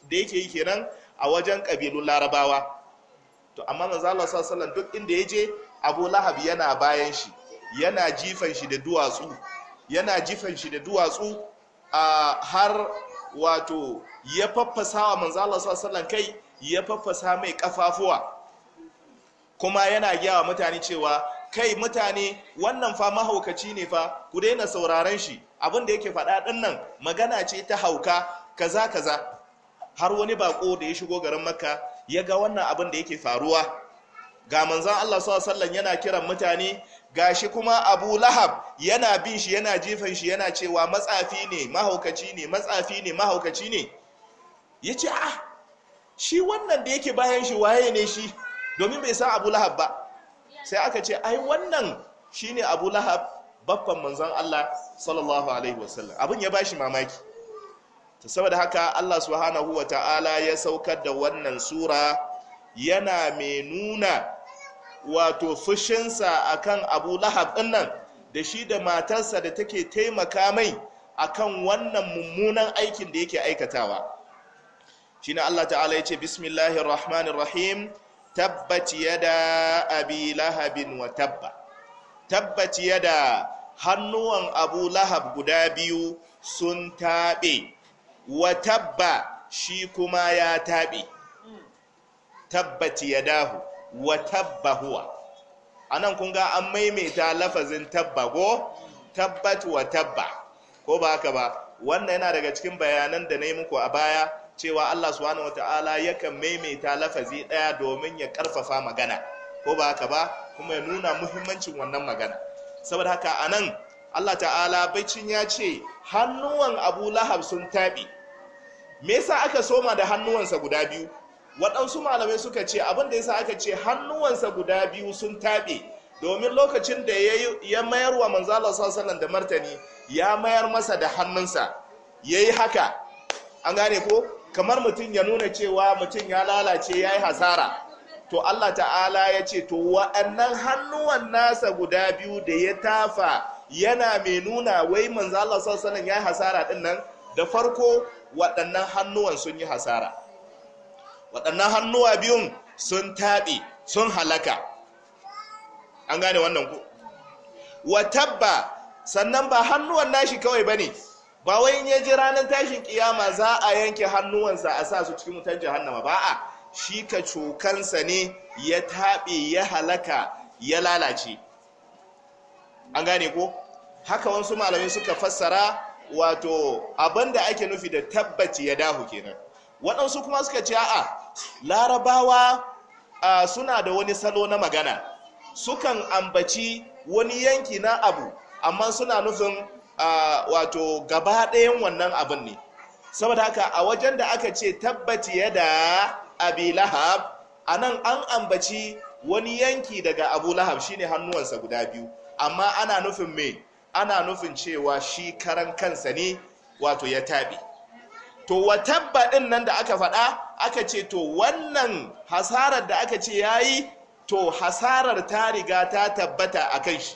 da yake yi kenan a wajen kabilun Larabawa to amma manzo Allah sallallahu duk inda ya je Abu Lahab yana bayan shi yana jifan shi da duwatsu yana jifan shi da duwatsu a har wato ya faffasa wa manzo Allah sallallahu kai ya faffasa mai kafafuwa kuma yana gyawa mutane cewa kai mutane wannan fa mahaukaci ne fa ku daina sauraron shi abin da yake faɗa ɗin nan magana ce ta hauka kaza kaza har wani bako da ya shigo garin makka ya ga wannan abin da yake faruwa ga manzan Allah sallallahu yana kiran mutane Ga shi kuma abu lahab yana bin shi yana jifan shi yana cewa matsafi ne mahaukaci ne matsafi ne mahaukaci ne ya ce ah shi wannan da yake bayan shi waye ne shi domin bai san abu lahab ba sai aka ce ai wannan shine abu lahab babban manzan allah sallallahu alaihi wasallam abin ya bashi mamaki saboda haka allah subhanahu wa ta'ala ya saukar da wannan sura yana mai nuna wato fushinsa akan abu lahab ɗinnan da shi da matarsa da take taimaka mai akan wannan mummunan aikin da yake aikatawa shi na allah ta'ala ya ce bismillahir rahmanir rahim tabbat yada abi lahabin wa tabba tabbat yada hannuwan abu lahab guda biyu sun taɓe wa tabba shi kuma ya taɓe ya yadahu wa huwa anan kun ga an maimaita lafazin tabbago tabbat wa tabba ko ba haka ba wannan yana daga cikin bayanan da na yi muku a baya cewa Allah subhanahu wata'ala yakan maimaita lafazi daya domin ya karfafa magana ko ba haka ba kuma ya nuna muhimmancin wannan magana saboda haka a nan Allah ta'ala bacin ya ce hannuwan Abu Lahab sun taɓi me yasa aka soma da hannuwansa guda biyu waɗansu malamai suka ce abin da yasa aka ce hannuwansa guda biyu sun taɓe domin lokacin da ya mayar wa manzalar sallallahu da martani ya mayar masa da hannunsa ya yi haka an gane ko kamar mutum ya nuna cewa mutum ya lalace ya yi hasara to allah ta'ala ya ce to wa'annan hannuwan nasa guda biyu da ya tafa yana mai nuna wai manzalar sallallahu ya yi hasara ɗin nan da farko waɗannan hannuwan sun yi hasara waɗannan hannuwa biyun sun taɓe sun halaka an gane wannan ku watabba sannan ba hannuwan nashi kawai ba ne ba wai in ya ji ranar tashin kiyama za a yanke hannuwansa a sa su cikin mutan jahannama ba a shi ka cokansa ne ya taɓe ya halaka ya lalace an gane ko haka wasu malamai suka fassara wato abinda ake nufi da tabbaci ya dahu kenan waɗansu kuma suka ce a'a larabawa suna da wani salo na magana sukan ambaci wani yanki na abu amma suna nufin wato gaba ɗayan wannan abin ne saboda haka a wajen da aka ce tabbaci da abi lahab a nan an ambaci wani yanki daga abu lahab shine hannuwansa guda biyu amma ana nufin me ana nufin cewa shi karan kansa ne wato ya taɓi to tabba din nan da aka faɗa aka ce to wannan hasarar da aka ce yayi to hasarar ta riga ta tabbata a kan shi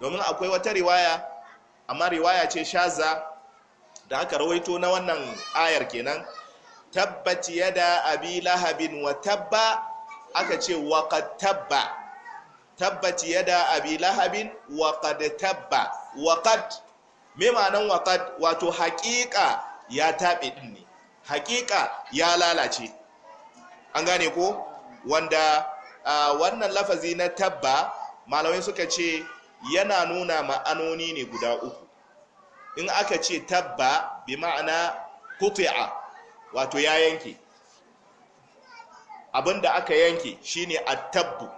domin akwai wata riwaya amma riwaya ce shaza da aka rawaito na wannan ayar kenan tabbat yada abi lahabin wa tabba aka ce wa tabba tabbat yada abi lahabin wa tabba wa me ma'anan wa wato haƙiƙa ya taɓe ɗin ne haƙiƙa ya lalace an gane ko wanda wannan lafazi na tabba malamai suka ce yana nuna ma'anoni ne guda uku in aka ce tabba bi ma'ana kutu'a wato ya yanke abinda aka yanke shine attabbu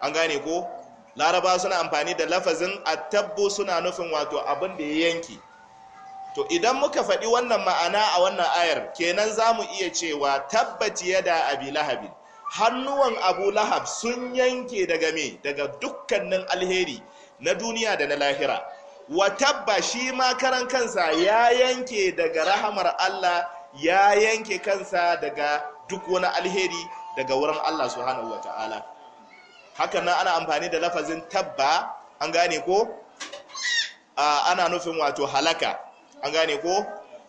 an gane ko laraba suna amfani da lafazin attabbu suna nufin wato abinda ya yanke to idan muka faɗi wannan ma'ana a wannan ayar kenan za mu iya cewa tabbaci yada abi lahabin hannuwan abu lahab sun yanke daga me daga dukkanin alheri na duniya da na lahira wa tabba shi ma karan kansa ya yanke daga rahamar allah ya yanke kansa daga duk wani alheri daga wurin allah subhanahu wa ta'ala hakan nan ana amfani da lafazin tabba an gane ko ana nufin wato halaka an gane ko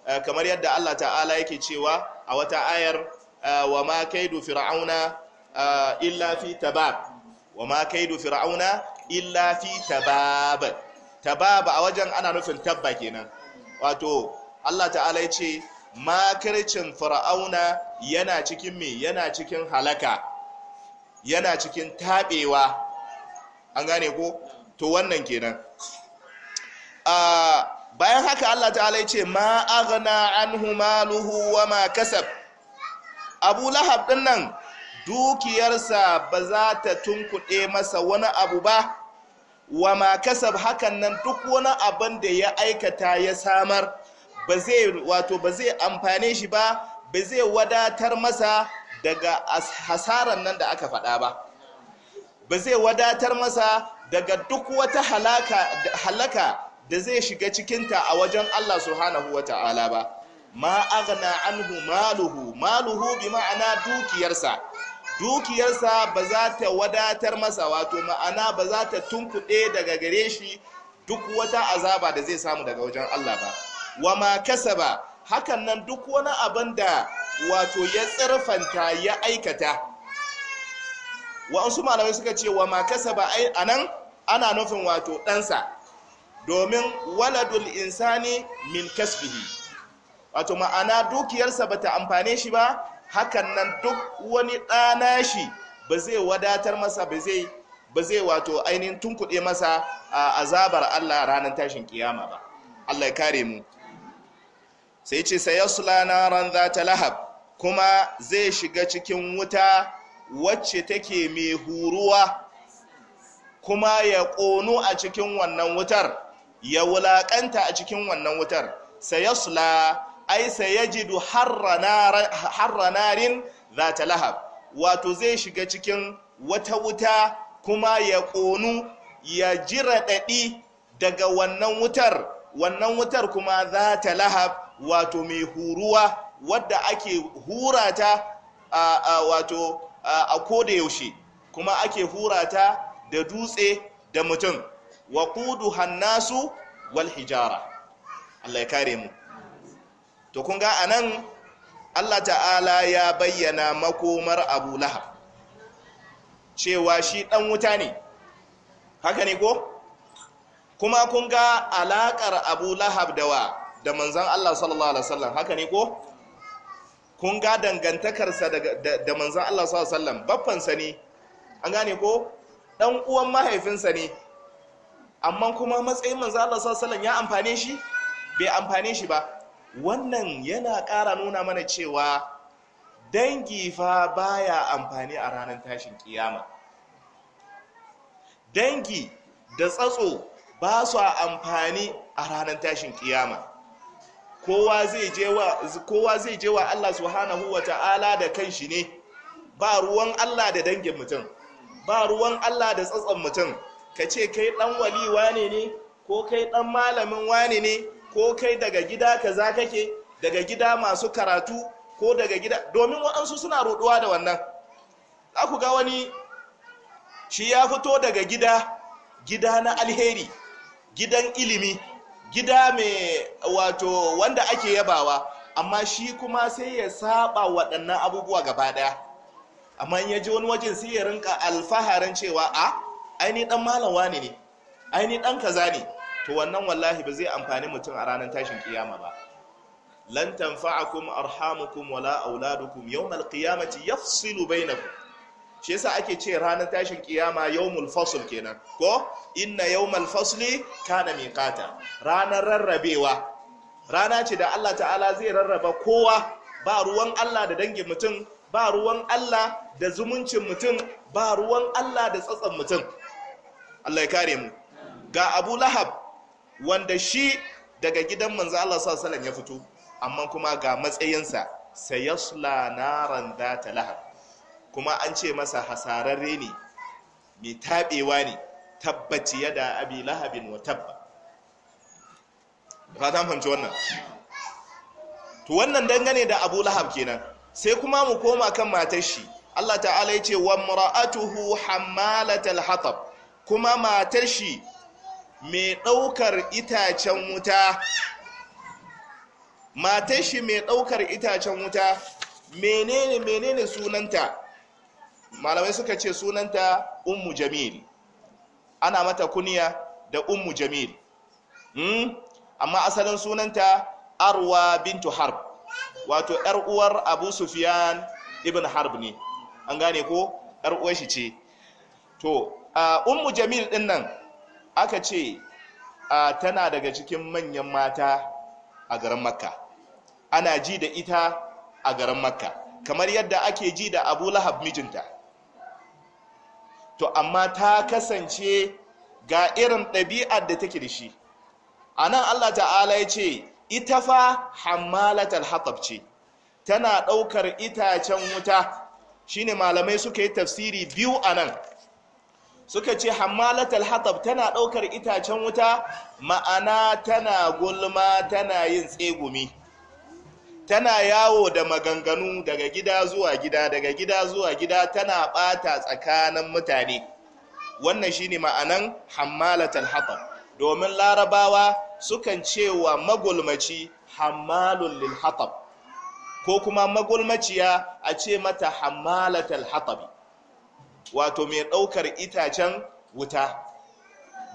eh, kamar yadda Allah ta'ala yake cewa a wata ayar eh, wa ma kaidu fir'auna eh, illa fi tabab wa ma kaidu fir'auna illa fi tabab tabab a wajen ana nufin tabba kenan wato Allah ta'ala ya ce makarcin fir'auna yana cikin me yana cikin halaka yana cikin tabewa an gane ko to wannan kenan a ah, bayan haka Allah ta'ala ya ce ma aghna anhu maluhu wa ma kasab Abu Lahab din nan dukiyarsa ba za ta tunkuɗe masa wani abu ba wa ma kasab hakan nan duk wani abin da ya aikata ya samar ba zai wato ba zai amfane shi ba ba zai wadatar masa daga hasaran nan da aka faɗa ba ba zai wadatar masa daga duk wata halaka da zai shiga cikinta a wajen Allah subhanahu ta'ala ba ma aghna anhu maluhu maluhu bi ma'ana dukiyarsa dukiyarsa ba za ta wadatar masa wato ma'ana ba za ta tunkuɗe daga gare shi duk wata azaba da zai samu daga wajen Allah ba wa ma kasaba hakan nan duk wani abin da wato ya tsirfanta ya aikata wa'ansu malamai suka ce wa ma kasaba anan ana nufin wato ɗansa domin waladul insani min kasbihi wato ma'ana dukiyarsa ba ta amfane shi ba hakan nan duk wani ɗana shi ba zai wadatar masa ba zai wato ainihin tunkuɗe masa a azabar Allah ranar tashin kiyama ba Allah ya kare mu sai ce sayasla za ta lahab kuma zai shiga cikin wuta wacce take mai huruwa kuma ya ƙonu a cikin wannan wutar ya wulaƙanta a cikin wannan wutar sula ai sayajidu harra narin ta lahab wato zai shiga cikin wata wuta kuma ya ƙonu ya ji raɗaɗi daga wannan wutar wannan wutar kuma za ta lahab wato mai huruwa wadda ake hurata wato a koda yaushe kuma ake hurata da dutse da mutum wa kudu hannasu wal hijara Allah ya kare mu to kun ga anan Allah ta'ala ya bayyana makomar Abu Lahab cewa shi dan wuta ne haka ne ko kuma kun ga alakar Abu Lahab da wa da manzon Allah sallallahu alaihi wasallam haka ne ko kun ga dangantakarsa da manzon Allah sallallahu alaihi wasallam baffansa ne an gane ko dan uwan mahaifinsa ne amma kuma matsayin manzo Allah sallallahu ya amfane shi bai amfane shi ba wannan yana ƙara nuna mana cewa dangi fa baya amfani a ranar tashin kiyama dangi da tsatso ba su amfani a ranar tashin kiyama kowa zai je wa Allah subhanahu wa ta'ala da kan shi ne ba ruwan Allah da dangin mutum ba ruwan Allah da tsatson mutum ka ce kai ɗan wali wane ne ko kai dan malamin wane ne ko kai daga gida kaza kake daga gida masu karatu ko daga gida domin waɗansu suna roɗuwa da wannan za ga wani shi ya fito daga gida gida na alheri gidan ilimi gida mai wato wanda ake yabawa amma shi kuma sai ya saba waɗannan abubuwa gaba ɗaya amma ya ji wani wajen sai ya rinka alfaharin cewa a ah, Aini dan malam wani ne Aini dan kaza ne to wannan wallahi ba zai amfani mutum a ranar tashin kiyama ba lan tanfa'akum arhamukum wala auladukum yawmal qiyamati yafsilu bainakum shi yasa ake ce ranar tashin kiyama yawmul fasl kenan ko inna yawmal fasli kana miqata ranar rarrabewa rana ce da Allah ta'ala zai rarraba kowa ba ruwan Allah da dangin mutum ba ruwan Allah da zumuncin mutum ba ruwan Allah da tsatsan mutum Allah ya kare mu ga Abu Lahab wanda shi daga gidan manzo Allah sallallahu alaihi ya fito amma kuma ga matsayinsa sayasla naran data lahab kuma an ce masa hasararre ne mai tabewa ne tabbaci yada abi lahabin wa tabba fata fahimci wannan to wannan dangane da abu lahab kenan sai kuma mu koma kan matar shi Allah ta'ala ya ce wa mar'atuhu hammalatal hatab kuma matar shi mai ɗaukar itacen wuta matar shi mai ɗaukar itacen wuta menene menene sunanta malamai suka ce sunanta Umu jamil ana mata kuniya da Umu jamil hmm? amma asalin sunanta arwa bintu harb wato yar uwar abu sufyan ibn harb ne an gane ko yar uwar shi ce to ummu jamil din nan aka ce tana daga cikin manyan mata a garin makka ana ji da ita a garin makka kamar yadda ake ji da abu lahab mijinta to amma ta kasance ga irin ɗabi'ar da take da shi a nan allah ta'ala ya ce ita fa hammalatar haƙab tana ɗaukar itacen wuta shine malamai suka yi tafsiri biyu a nan suka ce hammalatal hatab tana ɗaukar itacen wuta ma'ana tana gulma tana yin tsegumi tana yawo da maganganu daga gida zuwa gida daga gida zuwa gida tana ɓata tsakanin mutane wannan shine ma'anan hammalatal hatab domin larabawa sukan cewa magulmaci hamalun lil hatab ko kuma magulmaciya a ce mata hammalatal hatabi wato mai ɗaukar itacen wuta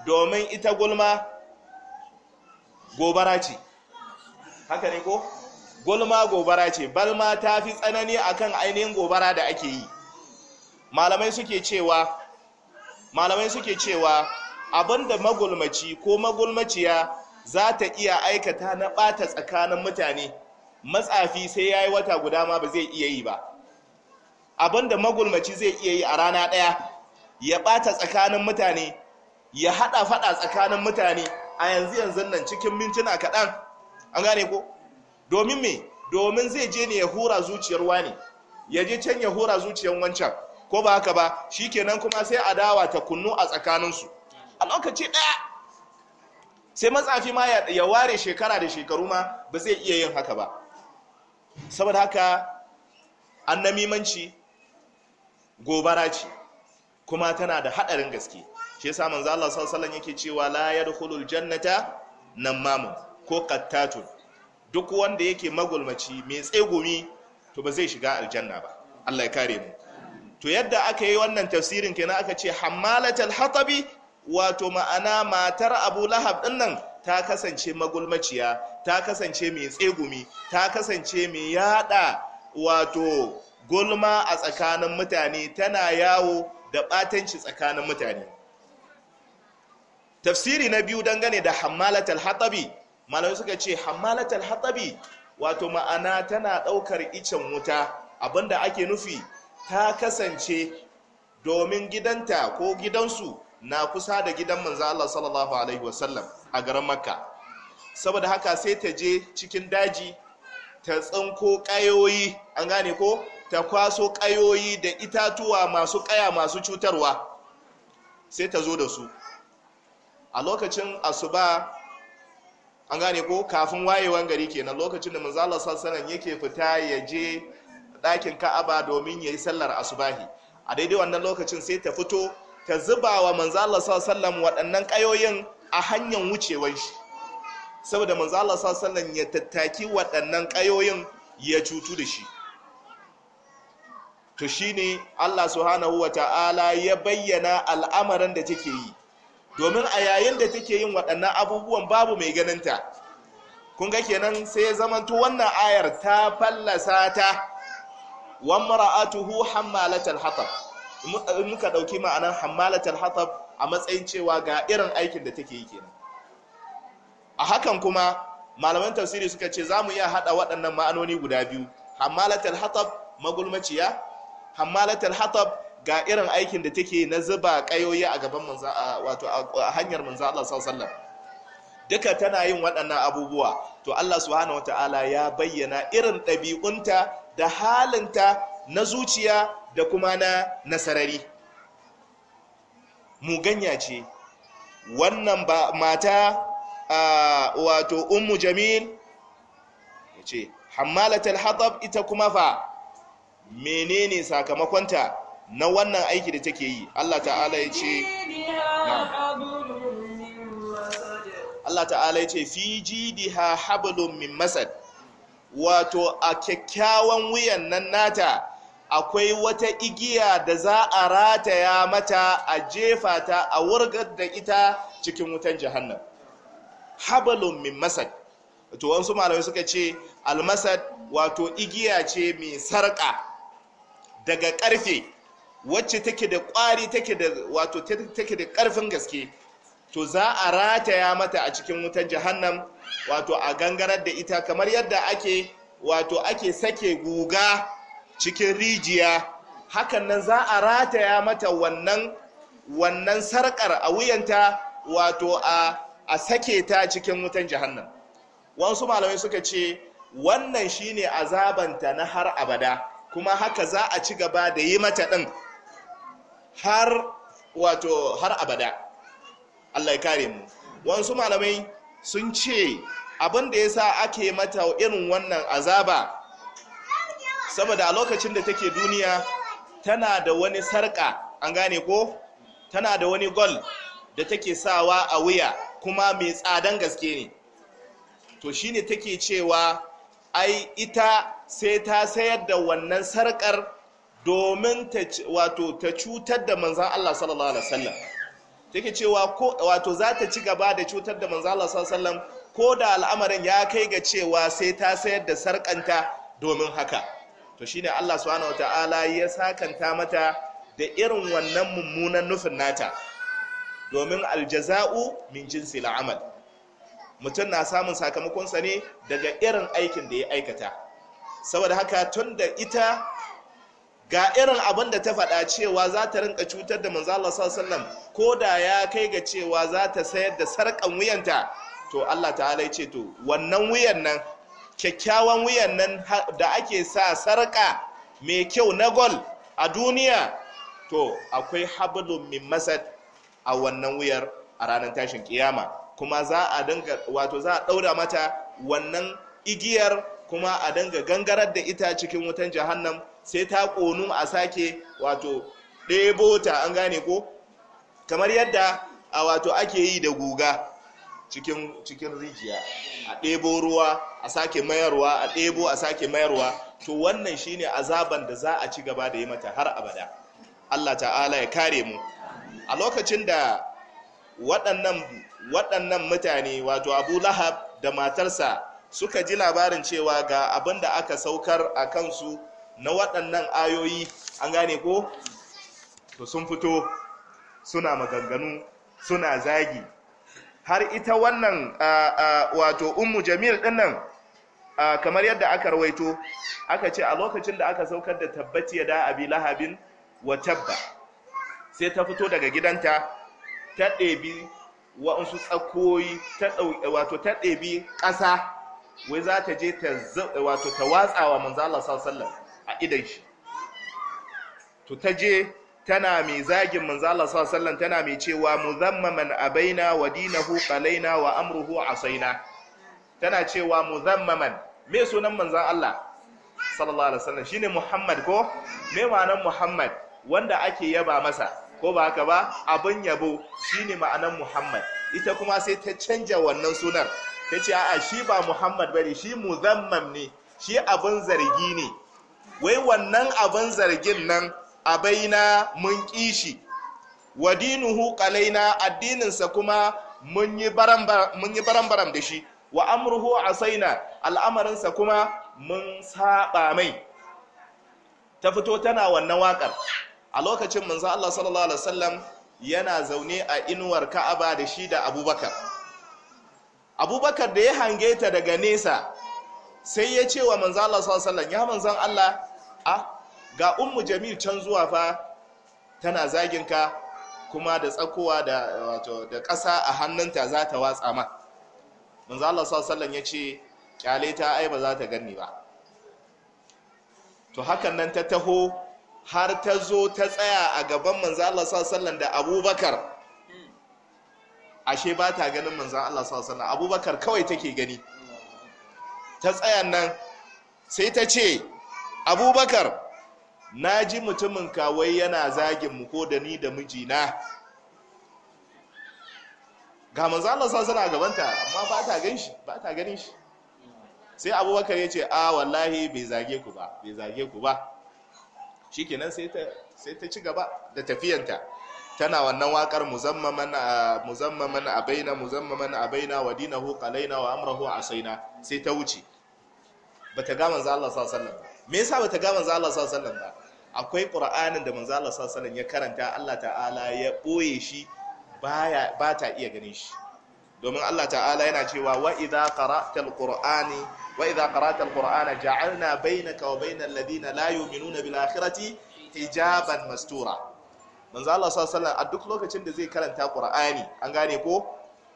domin ita gulma gobara ce haka ne ko gulma gobara ce balma ta fi tsanani akan ainihin gobara da ake yi malamai suke cewa malamai suke cewa abinda magulmaci ko magulmaciya za ta iya aikata na ɓata tsakanin mutane matsafi sai ya yi wata guda ma ba zai iya yi ba da magulmaci zai iya yi a rana ɗaya ya ɓata tsakanin mutane ya haɗa faɗa tsakanin mutane a yanzu yanzu nan cikin mintuna kaɗan an gane ko domin me domin zai je ne ya hura zuciyar wani ya je can ya hura zuciyar wancan ko ba haka ba shi kenan kuma sai a dawa ta kunnu a tsakaninsu a lokaci ɗaya sai matsafi ma ya ware shekara da shekaru ma ba zai iya yin haka ba saboda haka annamimanci gobara ce kuma tana da haɗarin gaske shi Samun manzo Allah yake cewa la hulul jannata nan mamun, ko kattatun duk wanda yake magulmaci mai tsegumi to ba zai shiga aljanna ba Allah ya kare mu to yadda aka yi wannan tafsirin kenan aka ce hamalatul hatabi wato ma'ana matar Abu Lahab din nan ta kasance magulmaciya ta kasance mai tsegumi ta kasance mai yada wato gulma a tsakanin mutane tana yawo da batanci tsakanin mutane tafsiri na biyu dangane da Hamalatal hatabi malamai suka ce Hamalatal hatabi wato ma'ana tana daukar icen wuta abinda ake nufi ta kasance domin gidanta ko gidansu na kusa da gidan manzo Allah sallallahu alaihi wasallam a garin makka saboda haka sai ta je cikin daji ta tsinko kayoyi. an gane ko ta kwaso ƙayoyi da itatuwa masu ƙaya masu cutarwa sai ta zo da su a lokacin asuba an gane ko kafin wayewan gari kenan lokacin da manzala sassanan yake fita ya je ɗakin ka'aba domin ya yi sallar asubahi a daidai wannan lokacin sai ta fito ta zuba wa manzala sassanan waɗannan ƙayoyin a hanyar wucewar shi saboda manzala sassanan ya tattaki waɗannan ƙayoyin ya cutu da shi to shine Allah subhanahu wa ta'ala ya bayyana al'amarin da take yi domin a yayin da take yin waɗannan abubuwan babu mai ganinta kun ga kenan sai ya zamanto wannan ayar ta fallasa ta wa mara'atuhu hammalatal hatab muka dauki ma'anar hammalatal hatab a matsayin cewa ga irin aikin da take yi kenan a hakan kuma malaman tafsiri suka ce za mu iya haɗa waɗannan ma'anoni guda biyu hammalatal hatab magulmaciya hammalatul hatab ga irin aikin da take na zuba kayoyi a gaban manza wato a hanyar manza Allah sallallahu duka tana yin waɗannan abubuwa to Allah subhanahu wataala ya bayyana irin ɗabi'unta da halinta na zuciya da kuma na nasarari Mu ganya ce wannan ba mata wato ummu jamil ce hammalatul hatab ita kuma fa menene sakamakonta na wannan aiki da take yi Allah ta'ala ya ce Allah ta'ala ya ce fi jidiha hablum min masad wato a kyakkyawan wuyan nan nata akwai wata igiya da za a rataya mata a jefa ta a wurgar da ita cikin wutan jahannam hablum min masad to wasu malamai suka ce almasad wato igiya ce mai sarƙa daga karfe wacce take da kwari take da wato take da karfin gaske to za a rataya mata a cikin wutar jahannam wato a gangarar da ita kamar yadda ake wato ake sake guga cikin rijiya hakan nan za a rataya mata wannan wannan sarkar a wuyanta wato a a sake ta cikin wutan jahannam wasu malamai suka ce wannan shine azabanta na har abada kuma haka za a ci gaba da yi mata ɗin har wato har abada allah ya kare mu wasu malamai sun ce abin da ya sa ake mata irin wannan azaba saboda a lokacin da take duniya tana da wani sarƙa an gane ko tana da wani gol da take sawa a wuya kuma mai tsadan gaske ne to shine take cewa ai ita sai ta sayar da wannan sarƙar domin wato ta cutar da manzan Allah sallallahu alaihi wasallam take cewa wato za ta ci gaba da cutar da manzan Allah sallallahu alaihi wasallam ko da al'amarin ya kai ga cewa sai ta sayar da sarƙanta domin haka to shine Allah subhanahu wataala ya sakanta mata da irin wannan mummunan nufin nata domin aljaza'u min jinsi la'amal mutum na samun sakamakonsa ne daga irin aikin da ya aikata saboda haka tun da ita ga irin abin da ta faɗa cewa za ta rinka cutar da manzala sallam ko da ya kai ga cewa za ta sayar da sarƙan wuyanta to allah ta'ala ce to wannan wuyan nan kyakkyawan wuyan nan da ake sa sarƙa mai kyau na gol a duniya to akwai hablum min masad a wannan wuyar a ranar tashin kiyama kuma za a dinga wato za a ɗaura mata wannan igiyar kuma a dinga gangarar da ita cikin wutan jahannam sai ta ƙonu a sake wato ɗebo ta an gane ko kamar yadda a wato ake yi da guga cikin rijiya a ɗebo ruwa a sake mayarwa a ɗebo a sake mayarwa to wannan shine azaban da za a ci gaba da yi mata har abada Allah ta'ala ya kare mu a lokacin da waɗannan mutane wato abu lahab da matarsa suka ji labarin cewa ga abin da aka saukar a kansu na waɗannan ayoyi an gane ko to sun fito suna maganganu suna zagi har ita wannan wato ummu jamil ɗinnan kamar yadda aka rawaito aka ce a lokacin da aka saukar da tabbaci ya da abi lahabin wa tabba sai ta fito daga gidanta ta ɗebi wa'ansu tsakoyi wato ta ɗebi ƙasa wai za ta je ta wato ta watsa wa manzo Allah sallallahu a idan shi to ta je tana mai zagin manzo Allah sallallahu tana mai cewa muzammaman abaina wa dinahu qalaina wa amruhu asaina tana cewa muzammaman me sunan Manzan Allah sallallahu alaihi wasallam shine Muhammad ko me ma'anar Muhammad wanda ake yaba masa ko ba haka ba abin yabo shine ma'anar muhammad ita kuma sai ta canja wannan sunan. ta ce a'a shi ba muhammad ba ne, shi muzammam ne shi abin zargi ne wai wannan abin zargin nan a baina mun kishi wadinuhu qalaina addininsa kuma mun yi barambaram da shi wa amruhu asaina al'amarinsa kuma mun saba mai ta fito tana wannan waƙar a lokacin manzo Allah sallallahu alaihi wasallam yana zaune a inuwar Ka'aba da shi da Abubakar Abubakar da ya hange ta daga nesa sai ya ce wa manzo Allah sallallahu alaihi wasallam ya manzon Allah a ga ummu Jamil can zuwa fa tana zagin ka kuma da tsakowa da wato da ƙasa a hannunta za ta watsa ma manzo Allah sallallahu alaihi wasallam ya ce kyale ta ai ba za ta ganni ba to hakan nan ta taho har ta zo ta tsaya a gaban manzan Allah sallallahu da Abubakar ashe ba ta ganin manzan Allah sallallahu Abubakar kawai take gani ta tsaya nan sai ta ce Abubakar na ji mutumin kawai yana zagin mu ko da ni da mijina ga manzan Allah sallallahu a gabanta amma ba ta gan shi ba ta ganin shi sai Abubakar ya ce a ah, wallahi bai zage ku ba bai zage ku ba shikenan sai ta sai ta ci gaba da tafiyanta tana wannan wakar muzammaman muzammaman abaina muzammaman abaina wa dinahu qalaina wa amrahu asaina sai ta wuce bata ga manzo Allah sallallahu alaihi wasallam ba me yasa bata ga manzo Allah sallallahu alaihi wasallam ba akwai qur'anin da manzo Allah sallallahu alaihi wasallam ya karanta Allah ta'ala ya boye shi baya ba ta iya ganin shi domin Allah ta'ala yana cewa wa idza qara'tal qur'ani wa idza qara'tal qur'ana ja'alna bainaka ladina layu, yu'minuna bil akhirati hijaban mastura manzo Allah sallallahu alaihi wasallam a duk lokacin da zai karanta qur'ani an gane ko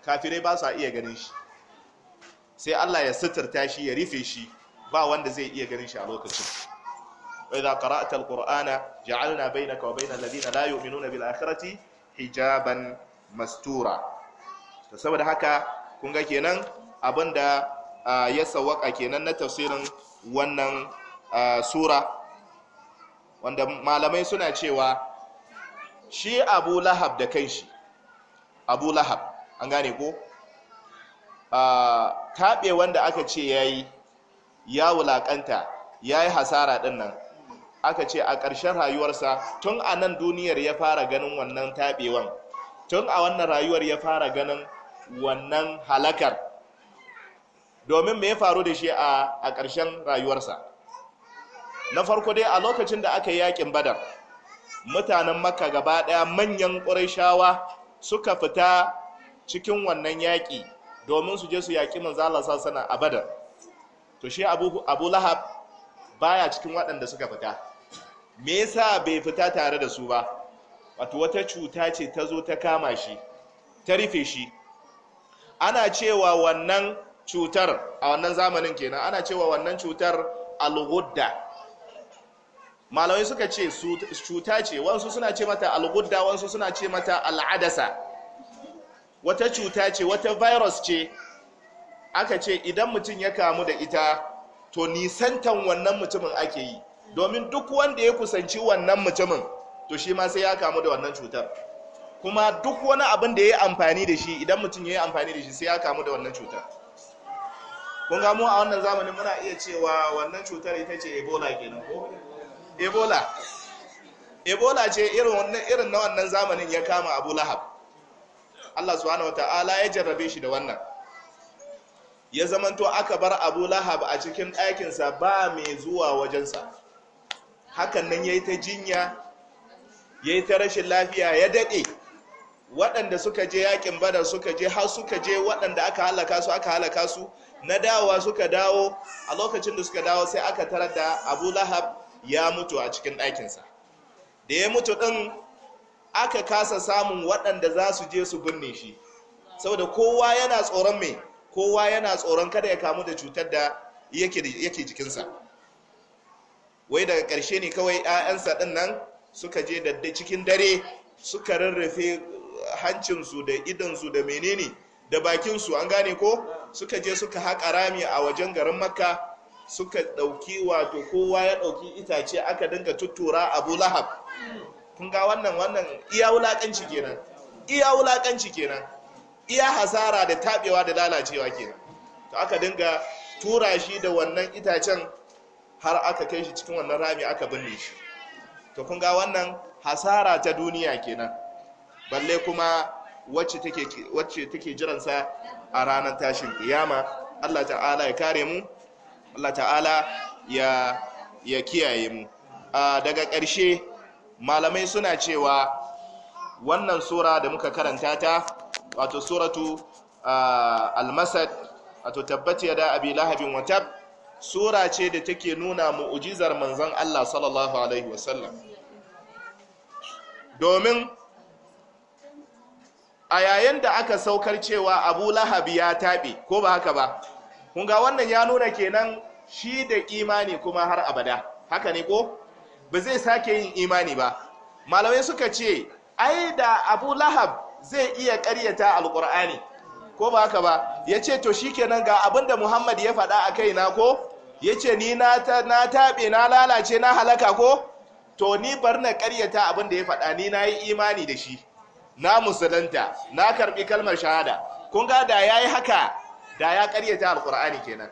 kafirai ba sa iya ganin shi sai Allah ya suturta shi ya rife shi ba wanda zai iya ganin shi a lokacin wa idza qara'tal qur'ana ja'alna bainaka wa bainal ladina la yu'minuna bil hijaban mastura saboda haka kun ga kenan abinda ya sawaka kenan na tafsirin wannan sura wanda malamai suna cewa shi abu lahab da shi abu lahab an gane ko taɓe wanda aka ce ya yi ya wulaƙanta ya yi hasara ɗin nan aka ce a ƙarshen rayuwarsa tun a nan duniyar ya fara ganin wannan taɓewan tun a wannan rayuwar ya fara ganin wannan halakar domin me ya faru da shi a ƙarshen rayuwarsa na farko dai a lokacin da aka yi yakin badar mutanen makka gaba ɗaya manyan ƙurashawa suka fita cikin wannan yaƙi domin su je su yaƙi manzala sana a badar to shi abu lahab baya cikin waɗanda suka fita me yasa bai fita tare da su ba wato wata cuta ce ta zo ta kama shi ta rufe shi ana cewa wannan cutar a wannan zamanin kenan ana cewa wannan cutar alghudda malamai suka ce cuta ce wansu suna ce mata algudda wansu suna ce mata al'adasa wata cuta ce wata virus ce aka ce idan mutum ya kamu da ita to nisantan wannan mutumin ake yi domin duk wanda ya kusanci wannan mutumin to shi ma sai ya kamu da wannan cutar kuma duk wani abin da ya yi amfani da shi idan mutum ya yi amfani da shi sai ya kamu da wannan cutar kun gamo a wannan zamanin muna iya cewa wannan cutar ita ce ebola kenan nan. ebola ebola ce irin na wannan zamanin ya kama abu lahab allah subhanahu wata'ala ya jarrabe shi da wannan ya zamanto aka bar abu lahab a cikin ɗakinsa ba mai zuwa wajensa hakan nan ya yi ta jinya ya yi ta rashin lafiya ya daɗe waɗanda suka je yakin badar suka je har suka je waɗanda aka halaka su aka halaka su na dawowa suka dawo a lokacin da suka dawo sai aka tarar da abu lahab ya mutu a cikin ɗakinsa da ya mutu ɗin aka kasa samun waɗanda za su je su binne shi saboda kowa yana tsoron mai kowa yana tsoron kada ya kamu da cutar da yake jikinsa wai daga ƙarshe ne kawai 'ya'yansa ɗin nan suka je da cikin dare suka rarrafe hancinsu da idansu da menene da bakinsu an gane ko suka je suka haƙa rami a wajen garin makka suka ɗauki wato kowa ya ɗauki itace aka dinga tuttura abu lahab kun ga wannan wannan iya wulaƙanci kenan iya wulaƙanci kenan iya hasara da taɓewa da lalacewa kenan to aka dinga tura shi da wannan itacen har aka kai shi cikin wannan rami aka binne shi to kun ga wannan hasara ta duniya kenan balle kuma wacce take jiransa a ranar tashin kiyama Allah ta'ala ya kare mu Allah ta'ala ya kiyaye mu daga ƙarshe malamai suna cewa wannan sura da muka karanta ta wato suratu al-masad wato tabbati da abi lahabin watab sura ce da take nuna mu'ujizar manzon Allah sallallahu alaihi wasallam domin a yayin da aka saukar cewa abu lahabi ya taɓe ko ba haka ba kunga wannan ya nuna kenan shi da imani kuma har abada haka ne ko ba zai sake yin imani ba malamai suka ce ai da abu lahab zai iya karyata alkur'ani ko ba haka ba ya ce to shi kenan ga abinda muhammad ya faɗa a kai na ko ya ce ni na taɓe na lalace na halaka ko to ni bar na ƙaryata abinda ya faɗa ni na yi imani da shi na musulunta na karbi kalmar shahada kun ga da yayi haka da ya karyata alqur'ani kenan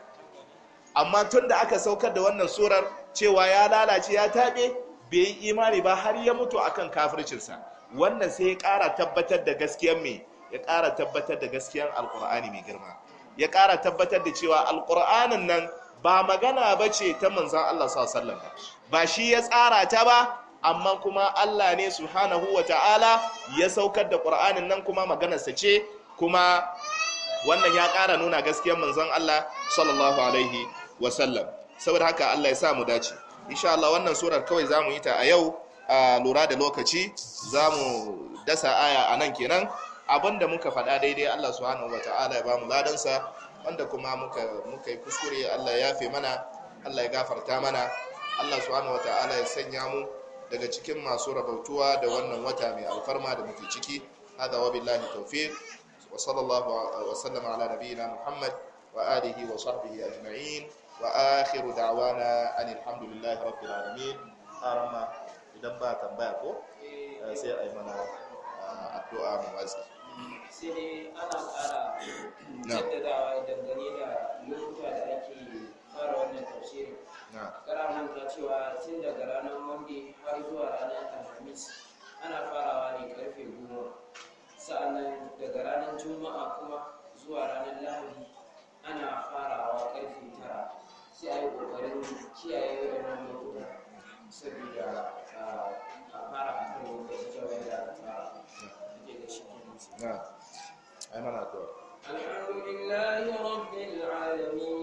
amma tun da aka saukar da wannan surar cewa ya lalace ya tabe bai yi imani ba har ya mutu akan kafircinsa wannan sai ya ƙara tabbatar da gaskiyar me ya ƙara tabbatar da gaskiyar alqur'ani mai girma ya ƙara tabbatar da cewa alqur'anin nan ba magana ba ce ta manzan Allah sallallahu ba shi ya tsara ta ba amma kuma Allah ne subhanahu ta'ala ya saukar da Qur'anin nan kuma maganarsa ce kuma wannan ya ƙara nuna gaskiyar manzon Allah sallallahu alaihi wa sallam saboda haka Allah ya sa mu dace insha Allah wannan surar kawai zamu yi ta a yau a lura da lokaci zamu dasa aya a nan kenan abinda muka faɗa daidai Allah subhanahu ta'ala ya ba mu ladansa wanda kuma muka yi kuskure Allah ya yafe mana Allah ya gafarta mana Allah subhanahu ta'ala ya sanya mu daga cikin masu rabautuwa da wannan wata mai alfarma da muke ciki hada wa billahi tawfiq wa sallallahu wa sallama ala nabiyyina muhammad wa alihi wa sahbihi ajma'in wa akhiru da'wana alhamdulillahi rabbil alamin arama idan ba tambaya ko eh, sai ai mana eh, addu'a mu wazi sai dai ana ƙara jaddadawa dangane da lokuta da ake fara wannan tafsirin karar nan ta cewa tun daga ranar monday har zuwa ranar alhamis ana farawa ne karfe goma sa'annan daga ranar juma'a kuma zuwa ranar lahadi ana farawa karfe tara sai a yi ƙoƙarin kiyaye waɗannan lokuta saboda ah, a fara a kan lokaci kyau da aka fara da shi kenan ai mana addu'a alhamdulillahi rabbil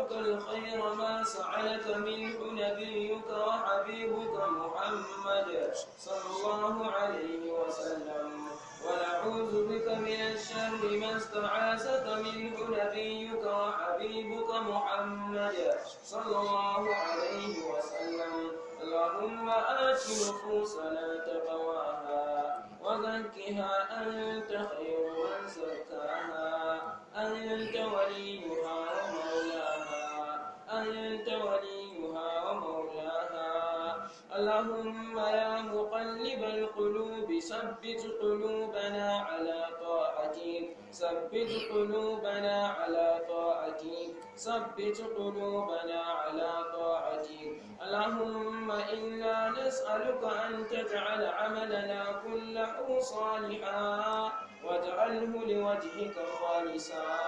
أسألك الخير ما سألك منه نبيك وحبيبك محمد صلى الله عليه وسلم ونعوذ بك من الشر ما استعاذك منه نبيك وحبيبك محمد صلى الله عليه وسلم اللهم آت نفوسنا تقواها وزكها أنت خير من زكاها أنت وليها ومولاها أنت وليها ومولاها اللهم يا مقلب القلوب ثبت قلوبنا على طاعتك ثبت قلوبنا على طاعتك ثبت قلوبنا على طاعتك اللهم إنا نسألك أن تجعل عملنا كله صالحا واجعله لوجهك خالصا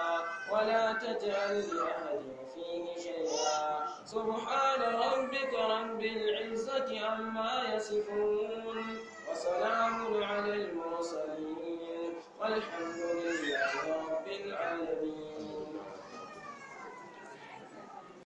ولا تجعل لأحد فيه شيئا سبحان ربك رب العزة عما يصفون وسلام على المرسلين والحمد لله رب العالمين